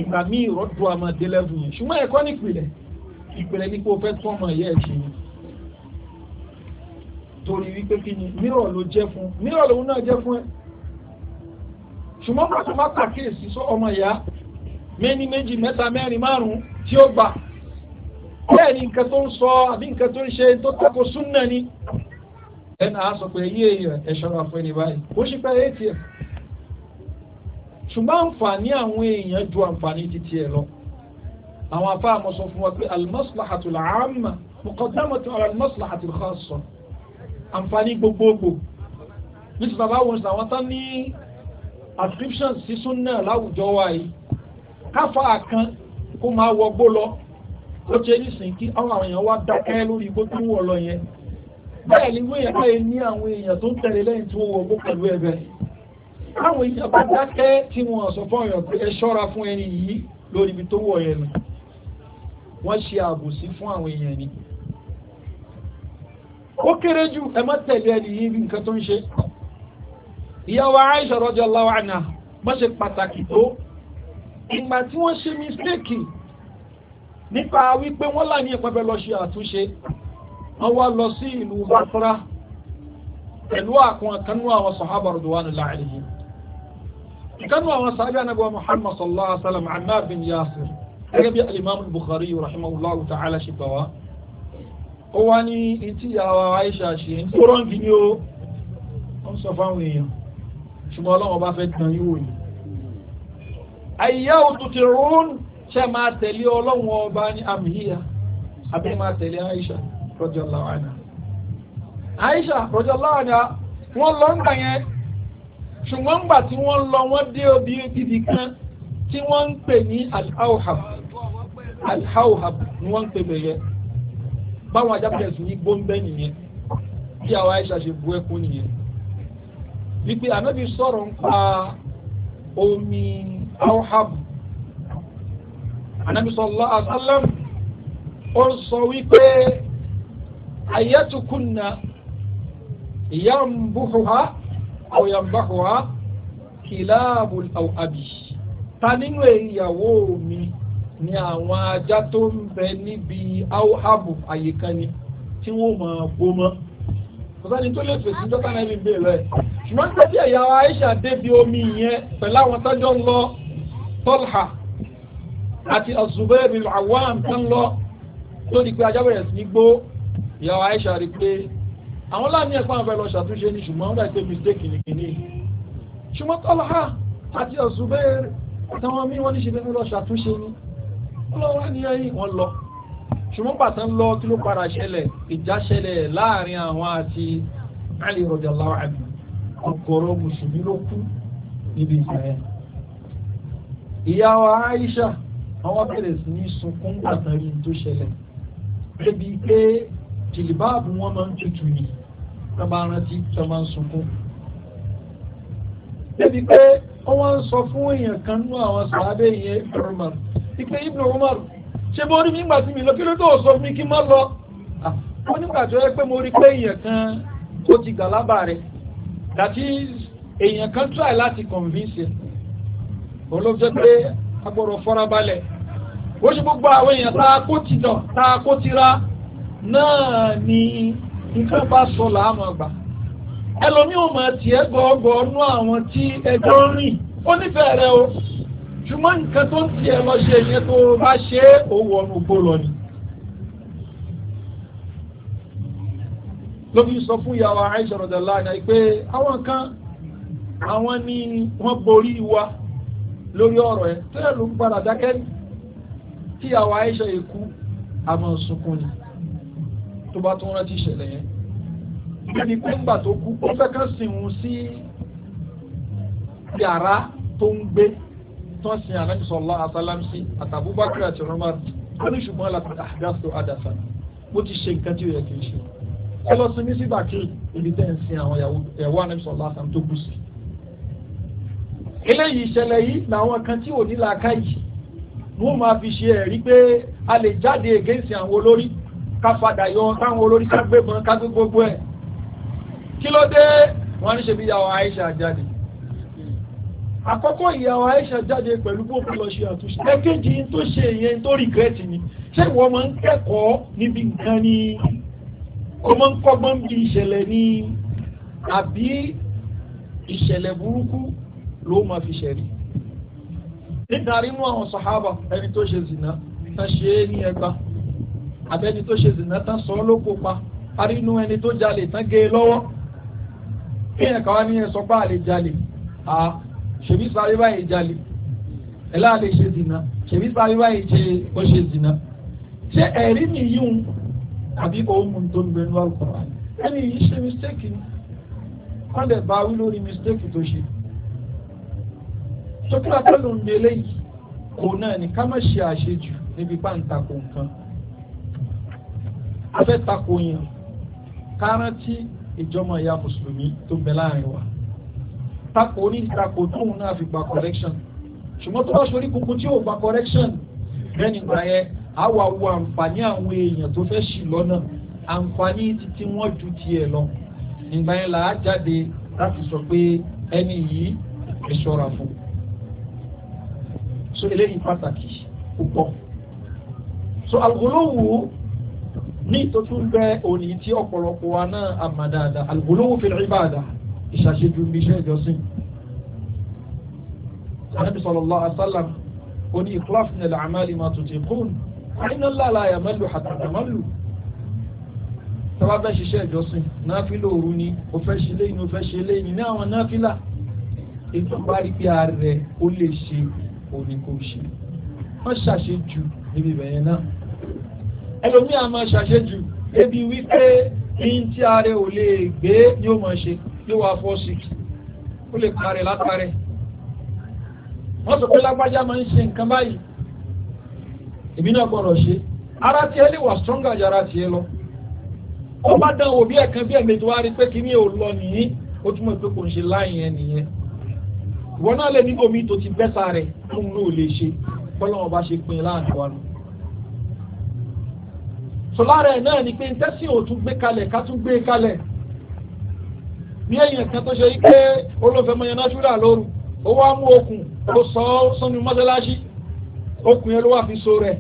ìgbà míì rọ́dù àmàdé lẹ́fún yẹn ṣùgbọ́n ẹ̀kọ́ nípìnlẹ̀ ìpìlẹ̀ ní pé o fẹ́ tún ọmọ ìyá ẹ̀ ṣe ni. torí wípé kí ni mírọ̀ ló jẹ́ fún mírọ̀ lòun náà jẹ́ fún ẹ. ṣùgbọ́n pàtó má pàkíyèsí sọ ọmọ ìyá méní méjì mẹ́ta mẹ́rin márùn-ún tí ó gbà bẹ́ẹ̀ ni nǹkan tó ń sọ àbí nǹkan tó ń ṣe tó tako súnà ni ẹnà á sọ pé yí èèyàn ẹ ṣọ́ra fún ẹni báyìí ó ṣì pẹ́ ètì ẹ̀ ṣùgbọ́n àǹfààní àwọn èèyàn ju àǹfààní títí ẹ̀ lọ àwọn afá àmọ́ sọ fún wa pé al-maslahatul 'amma muqaddamatu 'ala al-maslahatil khassa àǹfààní gbogbogbò nítorí bàbá wọn sàwọn tán ní ascription sí súnà láwùjọ wa káfà kan kó máa wọgbó lọ ó ṣe ní sìn kí àwọn àwọn èèyàn wá dákẹ́ lórí bó tí wọ́n lọ yẹn bẹ́ẹ̀ ni wọ́n yẹ ká ní àwọn èèyàn tó ń tẹ̀lé lẹ́yìn tí wọ́n wọgbó pẹ̀lú ẹ̀bẹ̀ àwọn èèyàn bá dákẹ́ tí wọ́n sọ fún ọ̀yàn pé ẹ ṣọ́ra fún ẹni yìí lórí ibi tó wọ̀ yẹn nù wọ́n ṣe àbòsí fún àwọn èèyàn ni ó kéré jù ẹ má tẹ̀lé ẹni yìí bí nǹkan tó ń ṣe ìyá wa Aisha radiyallahu anha má ṣe pàtàkì tó ìgbà tí wọ́n ṣe mistake nípa wípé wọ́n là ní ìpẹ́bẹ́ lọ ṣe àtúnṣe wọ́n wá lọ sí ìlú Basra pẹ̀lú àkùn àkànnú àwọn sàhábà radwanullahi alayhim ìkànnú àwọn sàhábà ànábì wa Muhammad sallallahu alayhi wa sallam Ammar bin Yasir gẹ́gẹ́ bí alimami Bukhari rahimahullahu ta'ala ṣe gbà ó wá ní etí ìyàwó Aisha ṣe ń tó rọ́ǹgì ni ó ń sọ fáwọn èèyàn ṣùgbọ́n Ọlọ́run bá fẹ́ gan yíwò yìí àyíyá òtútù rún ṣé máa tẹ̀lé ọlọ́run ọba ní amhiya àbí máa tẹ̀lé Aisha radiyallahu anha Aisha radiyallahu anha wọ́n lọ ń gbà yẹn ṣùgbọ́n ńgbà tí wọ́n lọ wọ́n dé obi ibi kan tí wọ́n ń pè ní alhauhab alhauhab ni wọ́n ń pè bẹ̀yẹ báwọn ajábẹ̀rẹ̀ sí ní gbóńbẹ́ nìyẹn bí àwọn Aisha ṣe bu ẹkún nìyẹn wípé ànábi sọ̀rọ̀ ń pa omi alhauhab anabi sallallahu alaihi wasallam ó sọ wípé ayatukunna yambuhuha aw yambahuha kìláàbù àbí ta nínú ìyàwó mi ni àwọn ajá tó ń bẹ níbi áwòhábù àyíká ni tí wọ́n máa bó mọ́ kòsáni tó lè fèsì dọ́tà náà níbi ìlú ṣùgbọ́n tó ẹ̀yà Aisha débi omi yẹn pẹ̀lú àwọn tọ́jọ́ ń lọ Tolha àti Zubair bin Awam tán lọ tó di pé ajá bẹ̀rẹ̀ sí ní gbó ìyàwó Aisha rí pé àwọn láàmì ẹ̀pọ̀ àwọn fẹ́ lọ ṣàtúnṣe ní ṣùgbọ́n wọ́n dà pé mistake nìkíní ṣùgbọ́n Talha àti Zubair táwọn mí wọ́n ní ṣe fẹ́ lọ ṣàtúnṣe ní ọlọ́wà ní ẹ̀yìn wọn lọ ṣùgbọ́n pàtó ń lọ kí ló padà ṣẹlẹ̀ ìjà ṣẹlẹ̀ láàrin àwọn àti Ali radiyallahu anhu ọ̀gọ̀rọ̀ mùsùlùmí ló kú níbi ìgbà yẹn ìyàwó Aisha àwọn bẹ̀rẹ̀ sí ní sunkún àtàrí tó ṣẹlẹ̀ débi pé jìlìbáàbù wọn máa ń tutù ní tó máa rántí tó máa ń sunkún débi pé wọ́n ń sọ fún èèyàn kan nú àwọn sàábẹ́ yẹn Umar ìpè Ibn Umar ṣé bó rí mi gbà tí mi lọ kí ló tó sọ fún mi kí n má lọ wọ́n ah, nígbà tó yẹ pé mo rí pé èèyàn kan ó ti gbà lábà rẹ̀ that is èèyàn kan try láti convince ẹ̀ olóòjọ́ pé agbọ́dọ̀ farabalẹ̀ ó ṣe gbogbo àwọn èèyàn tá a kó ti dọ̀ tá a kó ti ra náà ni nǹkan bá sọ làánú àgbà ẹlòmíì ò mọ̀ tiẹ̀ gọ́ọ̀gọ́ nú àwọn tí ẹjọ́ ń rìn ó nífẹ̀ẹ́ rẹ o ṣùgbọ́n nǹkan tó ń tiẹ̀ lọ ṣe yẹn tó bá ṣe é òwò ọ̀nà ògbó lọ ni. ló sọ fún ìyàwó Aisha radhiyallahu anha pé àwọn kan àwọn ni wọ́n borí wa lórí ọ̀rọ̀ ẹ̀ tó yẹ ló ń padà dákẹ́ tí àwọn Aisha ikú àmọ́ sunkún ni tó bá tún rántí ìṣẹ̀lẹ̀ yẹn níbi pé ńgbà tó kú ó fẹ́ kán sìn òun sí yàrá tó ń gbé tó ń sin Ànábì sallallahu alaihi wasallam sí àtàbúbákiri àti Umar ó ní ṣùgbọ́n alákùnrin àdásó àdàsá mo ti ṣe nǹkan tí ó yẹ kí n ṣe ẹ lọ sí bàkírì ibi tẹ́ ń sin àwọn ìyàwó Ànábì sallallahu alaihi tó kù sí eléyìí ìṣẹ̀lẹ̀ yìí làwọn kan tí ò ní làákà yìí wọ́n máa fi ṣe ẹ̀rí pé a lè jáde against àwọn olórí ká padà yọ táwọn olórí ká gbé mọ́ ká gbé gbogbo ẹ̀ kí ló dé wọ́n ní ṣe bí ìyàwó Aisha jáde àkọ́kọ́ ìyàwó Aisha jáde pẹ̀lú bókú lọ ṣe àtúnṣe ẹ̀kejì tó ṣe ìyẹn tó regret ni ṣé ìwọ máa ń kẹ́kọ̀ọ́ níbi nǹkan ni o máa ń kọ́gbọ́n bí ìṣẹ̀lẹ̀ ni àbí ìṣẹ̀lẹ̀ burúkú ló máa fi ṣẹ̀rí nítorí inú àwọn sàhábà ẹni tó ṣe zìnà tán ṣe é ní ẹgbà àbẹ́ni tó ṣe zìnà tán sọ ló kópa parí inú ẹni tó jalè tán gé e lọ́wọ́ bí ẹ̀ka wá ní ẹ sọ pé àlè jalè à ṣèbí sáré báyìí jalè ẹ̀ láàlè ṣe zìnà ṣèbí sáré báyìí ṣe ó ṣe zìnà ṣé ẹ̀rí nìyíhun àbí òun tó ń gbẹnu àlùkò ẹni yìí ṣe mistake ni wọ́n bá wí lórí mistake tó ṣe sókúra pẹ̀lú ń belé yìí kò náà ní ká má ṣe àṣejù níbi pàǹtakò nǹkan afẹ́takò yẹn kárántí ìjọmọ ìyá mùsùlùmí tó ń bẹ láàrin wa takò ní takò tóun náà fi gba correction ṣùgbọ́n tó bá ṣorí kunkun tí ò gba correction bẹ́ẹ̀ nígbà yẹn á wà wo àǹfààní àwọn èèyàn tó fẹ́ ṣì lọ́nà àǹfààní títí wọ́n ju tiẹ̀ lọ nígbà yẹn là á jáde láti sọ pé ẹni yìí ẹ ṣọ́ra fún un so eléyìí pàtàkì púpọ̀ so alugolówó ní ìtọ́jú bẹ òní tí ọ̀pọ̀lọpọ̀ wa náà àmà dáadáa alugolówó fi ìbáàdà ìṣàṣejù bí iṣẹ́ ìjọsìn sanabi sallallahu alaihi wa sallam oní ìkúláfù nílẹ̀ àmàlì máa tún ti kún àyínlá làlá àyàmẹ́lù àtàkàmẹ́lù tọ́wá fẹ́ ṣiṣẹ́ ìjọsìn náfìlà òru ni o fẹ́ ṣe léyìn o fẹ́ ṣe léyìn ní àwọn náfìlà ètò parí pé ààrẹ ó lè ṣe ó ní kó ṣe wọ́n ṣàṣejù níbi ìbẹ̀yẹn náà ẹlòmíà máa ṣàṣejù ebi wípé ní tí ààrẹ ò lè gbé yóò máa ṣe yóò wá fọ́ sí ó lè parẹ́ látàrẹ́ wọ́n sọ pé lágbájá máa ń ṣe nǹkan báyìí èmi náà gbọ́dọ̀ ṣe ara tiẹ̀ lè wà stronger ju ara tiẹ̀ lọ ó bá dán òbí ẹ̀kan bí ẹ̀mẹ́tò wá rí pé kí ni ò lọ nìyí ó túmọ̀ pé kò ń ṣe láàyè ẹ̀ nìyẹn wọn náà lè ní omi tó ti bẹ́sà rẹ̀ fún un náà lè ṣe bọ́lọ́wọ́n bá ṣe pin láàánú wa nù. sọlára ẹ̀ náà ni pé tẹ́sìn ò tún gbé kalẹ̀ ká tún gbé kalẹ̀ ní ẹ̀yìn kan tó ṣe yí pé olófẹ́ mọ yẹn náṣúrà lóru ó wá mú okùn ó sọ ọ́ sọ́nu mọ́sálásí okùn yẹn ló wà fi so rẹ̀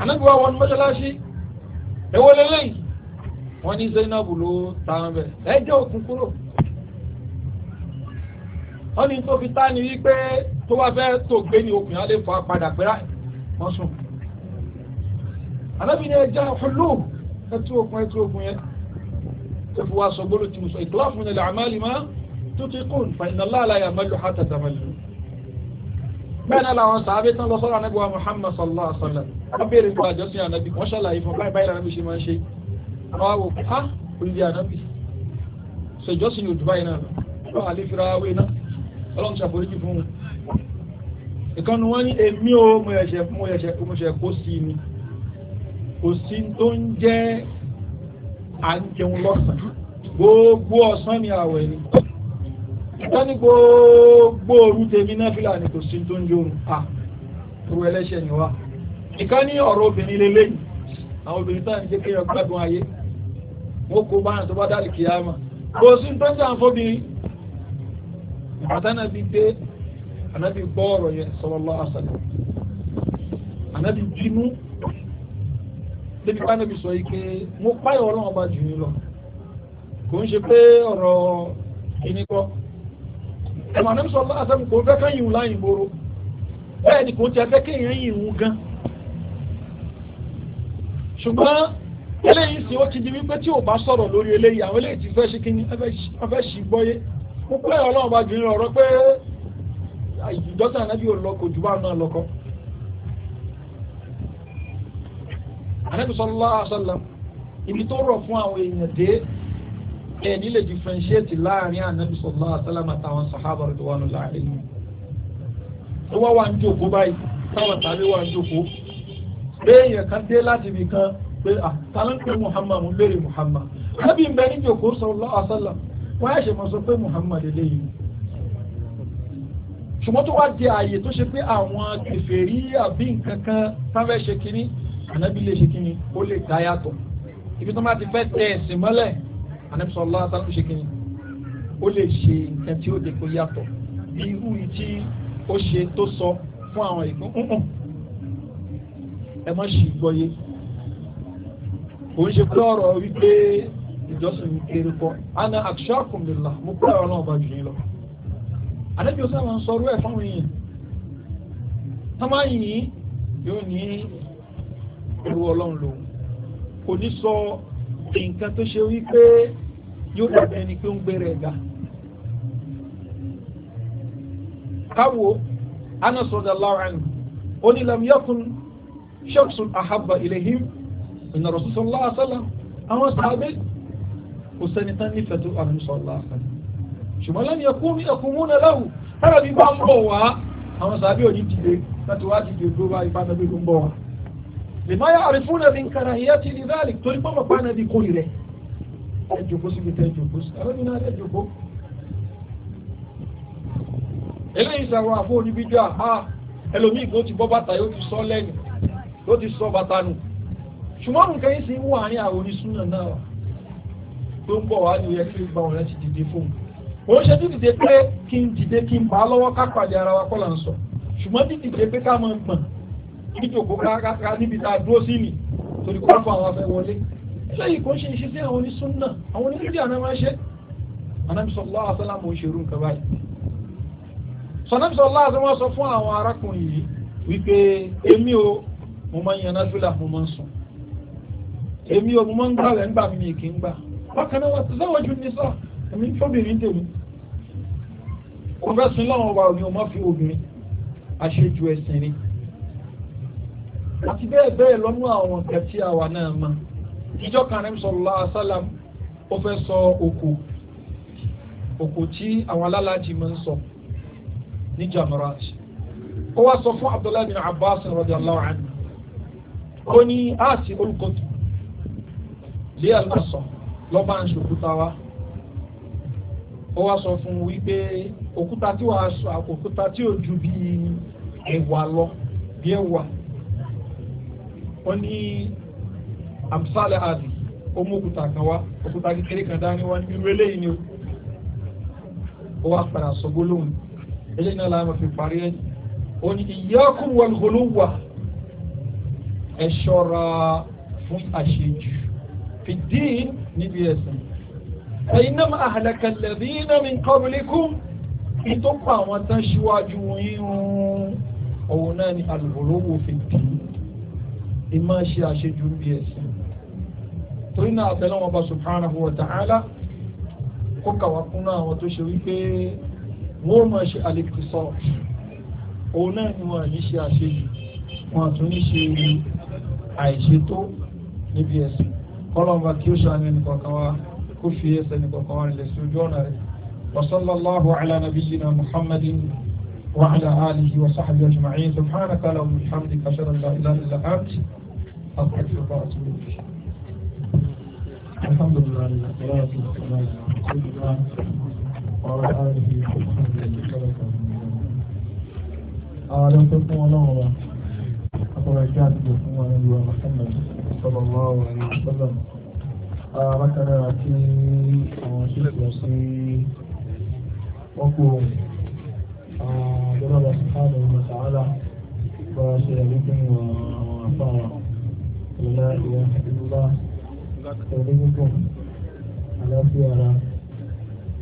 ànágbé wa wọnú mọ́sálásí èwo lélẹ́yìn wọ́n ní Zainabu ló ta wọn bẹ̀ ẹ jẹ́ okùn kúrò wọ́n ní tó fi tá ni wípé tó bá fẹ́ tó gbé ní okùn yẹn lè fọ́ padà pẹ́rẹ́ wọ́n sùn. àlọ́bí ni ẹja ọ̀lú ẹtú okùn ẹtú okùn yẹn tó fi wá sọ gbọ́dọ̀ tí mo sọ ìtọ́lá fún ilẹ̀ àmàlì mọ́ tó ti kún fàyínà láàlá yà mẹ́lò hàtà tàmẹ́lò. bẹ́ẹ̀ náà làwọn sàábé tán lọ sọ́dọ̀ anábìwá Muhammad sallallahu alaihi wa sallam wọ́n béèrè fún àjọsìn ànábì ọlọ́run ṣàforíjì fún un ìkànnì wọn ní èmi ò mo ẹ̀ṣẹ̀ mo ẹ̀ṣẹ̀ mo ṣẹ̀ kó sí mi kò sí tó ń jẹ́ à lọ́sàn gbogbo ọ̀sán ni àwẹ̀ ni wọ́n ní gbogbo òru tèmi náà fìlà ní kò sí tó ń jẹun à ru ẹlẹ́ṣẹ̀ ni wá ìkan ní ọ̀rọ̀ obìnrin lélẹ́yìn àwọn obìnrin táwọn jẹ́ kéèyàn gbádùn ayé wọ́n kó báyìí tó bá dálì kìá kò sí tó ń jẹun fóbìnrin àtànàbí dé ànábì gbọ́ ọ̀rọ̀ yẹn sallallahu alaihi wasallam ànábì bínú débi bá níbi sọ yìí pé mo páyọ̀ ọlọ́run bá jù yín lọ kò ń ṣe pé ọ̀rọ̀ kíní kọ́ ẹ̀mọ̀ ànábì sọ lọ́wọ́ àtẹ́mi kò fẹ́ káyìn ìhùn láyìn ìgboro bẹ́ẹ̀ ni kò ti afẹ́ kéèyàn yìn gan ṣùgbọ́n eléyìí sì ó ti di wípé tí ò bá sọ̀rọ̀ lórí eléyìí àwọn eléyìí ti fẹ́ ṣe kíní afẹ́ ṣì gbọ́yé mo pé ọlọ́run bá jùlọ ọ̀rọ̀ pé ìjọsìn ànábì ò lọ kò jù bá náà lọ́kọ́. ànábì sallallahu alaihi wasallam ibi tó rọ̀ fún àwọn èèyàn dé ẹ̀ nílẹ̀ differentiate láàrin ànábì sallallahu alaihi wasallam àtàwọn sàhábà ridwanullahi alaihim. ó wá wá ń jòkó báyìí táwọn tàbí wá ń jòkó pé èèyàn kan dé láti ibì kan pé àtàlẹ́ ah, ń pè Muhammad ń lérè Muhammad. ànábì ń bẹ ní jòkó sallallahu alaihi wasallam wọ́n á ṣe mọ̀ sọ pé Muhammad eléyìí ṣùgbọ́n tó wá di ààyè tó ṣe pé àwọn kèfèrí àbí nǹkan kan táwọn ẹ̀ ṣe kínní ànábì lè ṣe kínní ó lè dá yàtọ̀ ibi tó máa ti fẹ́ tẹ ẹ̀sìn mọ́lẹ̀ ànábì sọ lọ́wọ́ táwọn ṣe kínní ó lè ṣe nǹkan tí ó dé kó yàtọ̀ bí irú tí ó ṣe tó sọ fún àwọn ìpín ẹ mọ̀ ṣì gbọ́yé kò ń ṣe pé ọ̀rọ̀ wípé ìjọsìn mi kéré kọ́ ana akshakum lillah mo kúrò àwọn ọlọ́run bá jù yín lọ. àdébí ọsẹ máa ń sọ ọ̀rọ̀ ẹ fáwọn èèyàn támáyìn yìí yóò ní ìlú ọlọ́run lòun kò ní sọ nǹkan tó ṣe wípé yóò dàbí ẹni pé ó ń gbére ẹ̀dá. káwo Anas radallahu anhu ó ní lam yakun shakhsun ahabba ilayhim min rasulillah sallallahu àwọn sàbẹ̀ kò sẹ́ni tán nífẹ̀ẹ́ tó àrùnsọ̀lá ṣùgbọ́n lẹ́nu ẹkún múnà lẹ́wù tára bí bá ń bọ̀ wá àwọn sàbí òní dìde láti wá dìde tó bá ipá nàbí ló ń bọ̀ wá. lèmọ́ àrífún náà bí nkàrà ìyá ti di dáàlì torí pọ́nmọ̀ pa náà bí kò rẹ̀ ẹ jòkó síbi tẹ jòkó sí àrẹ́bí náà ẹ jòkó. eléyìí sàwọn àfọ oníbíjọ àhá ẹlòmíì kò ti bọ́ bàtà yóò ti sọ lẹ́nu yóò ti sọ bàtà nù ṣùgbọ́n nǹkan yìí tó ń bọ̀ wá ní ẹ kí n gba ọ̀rẹ́ ti dìde fún un ó ṣe dídìde pé kí n dìde kí n bá lọ́wọ́ ká pàdé ara wa kọ́là ń sọ ṣùgbọ́n dídìde pé ká máa gbọ̀n níjòkó káàkiri níbi tá a dúró sí ni torí kó fún àwọn afẹ́ wọlé eléyìí kò ṣe iṣẹ́ sí àwọn onísúnnà àwọn onídìí àná máa ṣe Ànábì sallallahu alaihi wasallam ò ṣerú nǹkan báyìí Ànábì sallallahu alaihi wasallam sọ fún àwọn arákùnrin yìí wípé èmi o mo máa ń yan bákan náà wọ́n ti sọ́wọ́ ju nìsá èmi ń fọ́bìnrin tèmi wọ́n fẹ́ sin láwọn ọba òní ọmọ fi obìnrin àṣejù ẹ̀sìn ni àti bẹ́ẹ̀ bẹ́ẹ̀ lọ́nú àwọn nǹkan tí àwa náà mọ̀ ìjọ kan rẹ̀ sọ̀rọ̀ àṣàlám ó fẹ́ sọ òkò òkò tí àwọn alálàájì máa ń sọ ní jamarat ó wá sọ fún abdullahi bin abbas radiyallahu anhu ó ní àti olùkọ́tù lé àlùkọ́sọ̀ọ́ lọ́ba ń ṣòkúta wa ó wá sọ fún un wípé òkúta tí wàá sọ òkúta tí ò ju bí ẹ̀wà lọ bí ẹ̀wà ó ní amsalẹ̀ àdì ó mú òkúta kan wá òkúta kékeré kan dání wá ní irú eléyìí ni o ó wá padà sọ gbólóhùn eléyìí náà láàmú fi parí ẹ̀ ó ní iyyakum wal ghuluwwa ẹ ṣọ́ra fún àṣejù fìdí níbi ẹ̀sìn ẹ̀yìnàmà àhàlẹ̀kẹ̀lẹ̀bí ìnàmì kọ́bìlíkù kí tó pa àwọn tán ṣíwájú yíyún ọ̀hún náà ni alùpùpù fi dì í ìmọ̀ ṣe àṣejù bí ẹ̀sìn torí náà àtẹlẹ́wọ̀n bá subhanahu wa ta'ala kó kàwá kún náà àwọn tó ṣe wípé wọ́n máa ṣe àlèkùsọ̀ òun náà ni wọ́n ní ṣe àṣejù wọ́n àtún àìṣètò níbi ẹ̀sìn. وصلى الله على نبينا محمد وعلى آله وصحبه أجمعين سبحانك اللهم وبحمدك أشهد أن لا إله إلا أنت أستغفرك وأتوب إليك الحمد لله والصلاة والسلام على رسول الله وعلى آله وصحبه أجمعين أعلم تكون الله أقول لك فún wa lórí ọmọ sẹ́mẹ̀lì sallallahu alaihi wasallam arákàrà àti àwọn ṣíṣe sí ọkọ̀ àjọba subhanahu wa ta'ala bá ṣe àlékún àwọn afárá ìlà ìyá ìlúlá ìrìnkùn aláfíà ara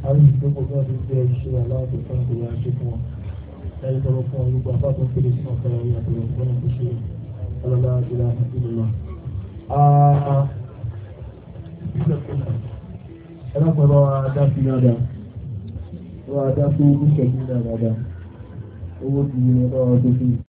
àrùn ìjókòó náà ti jẹ́ ìṣe aláàbò fún ìgbéyà ṣe fún wọn ẹni tọrọ fún ọlọ́gbà bá tó kéde ọ̀gbọ́n ìṣe ọlọ́lá Ah. ẹlọ́pọ̀ bá wa dá sí dáadáa bá wa dá sí ìṣẹ́jú dáadáa owó ti yẹ bá wa tó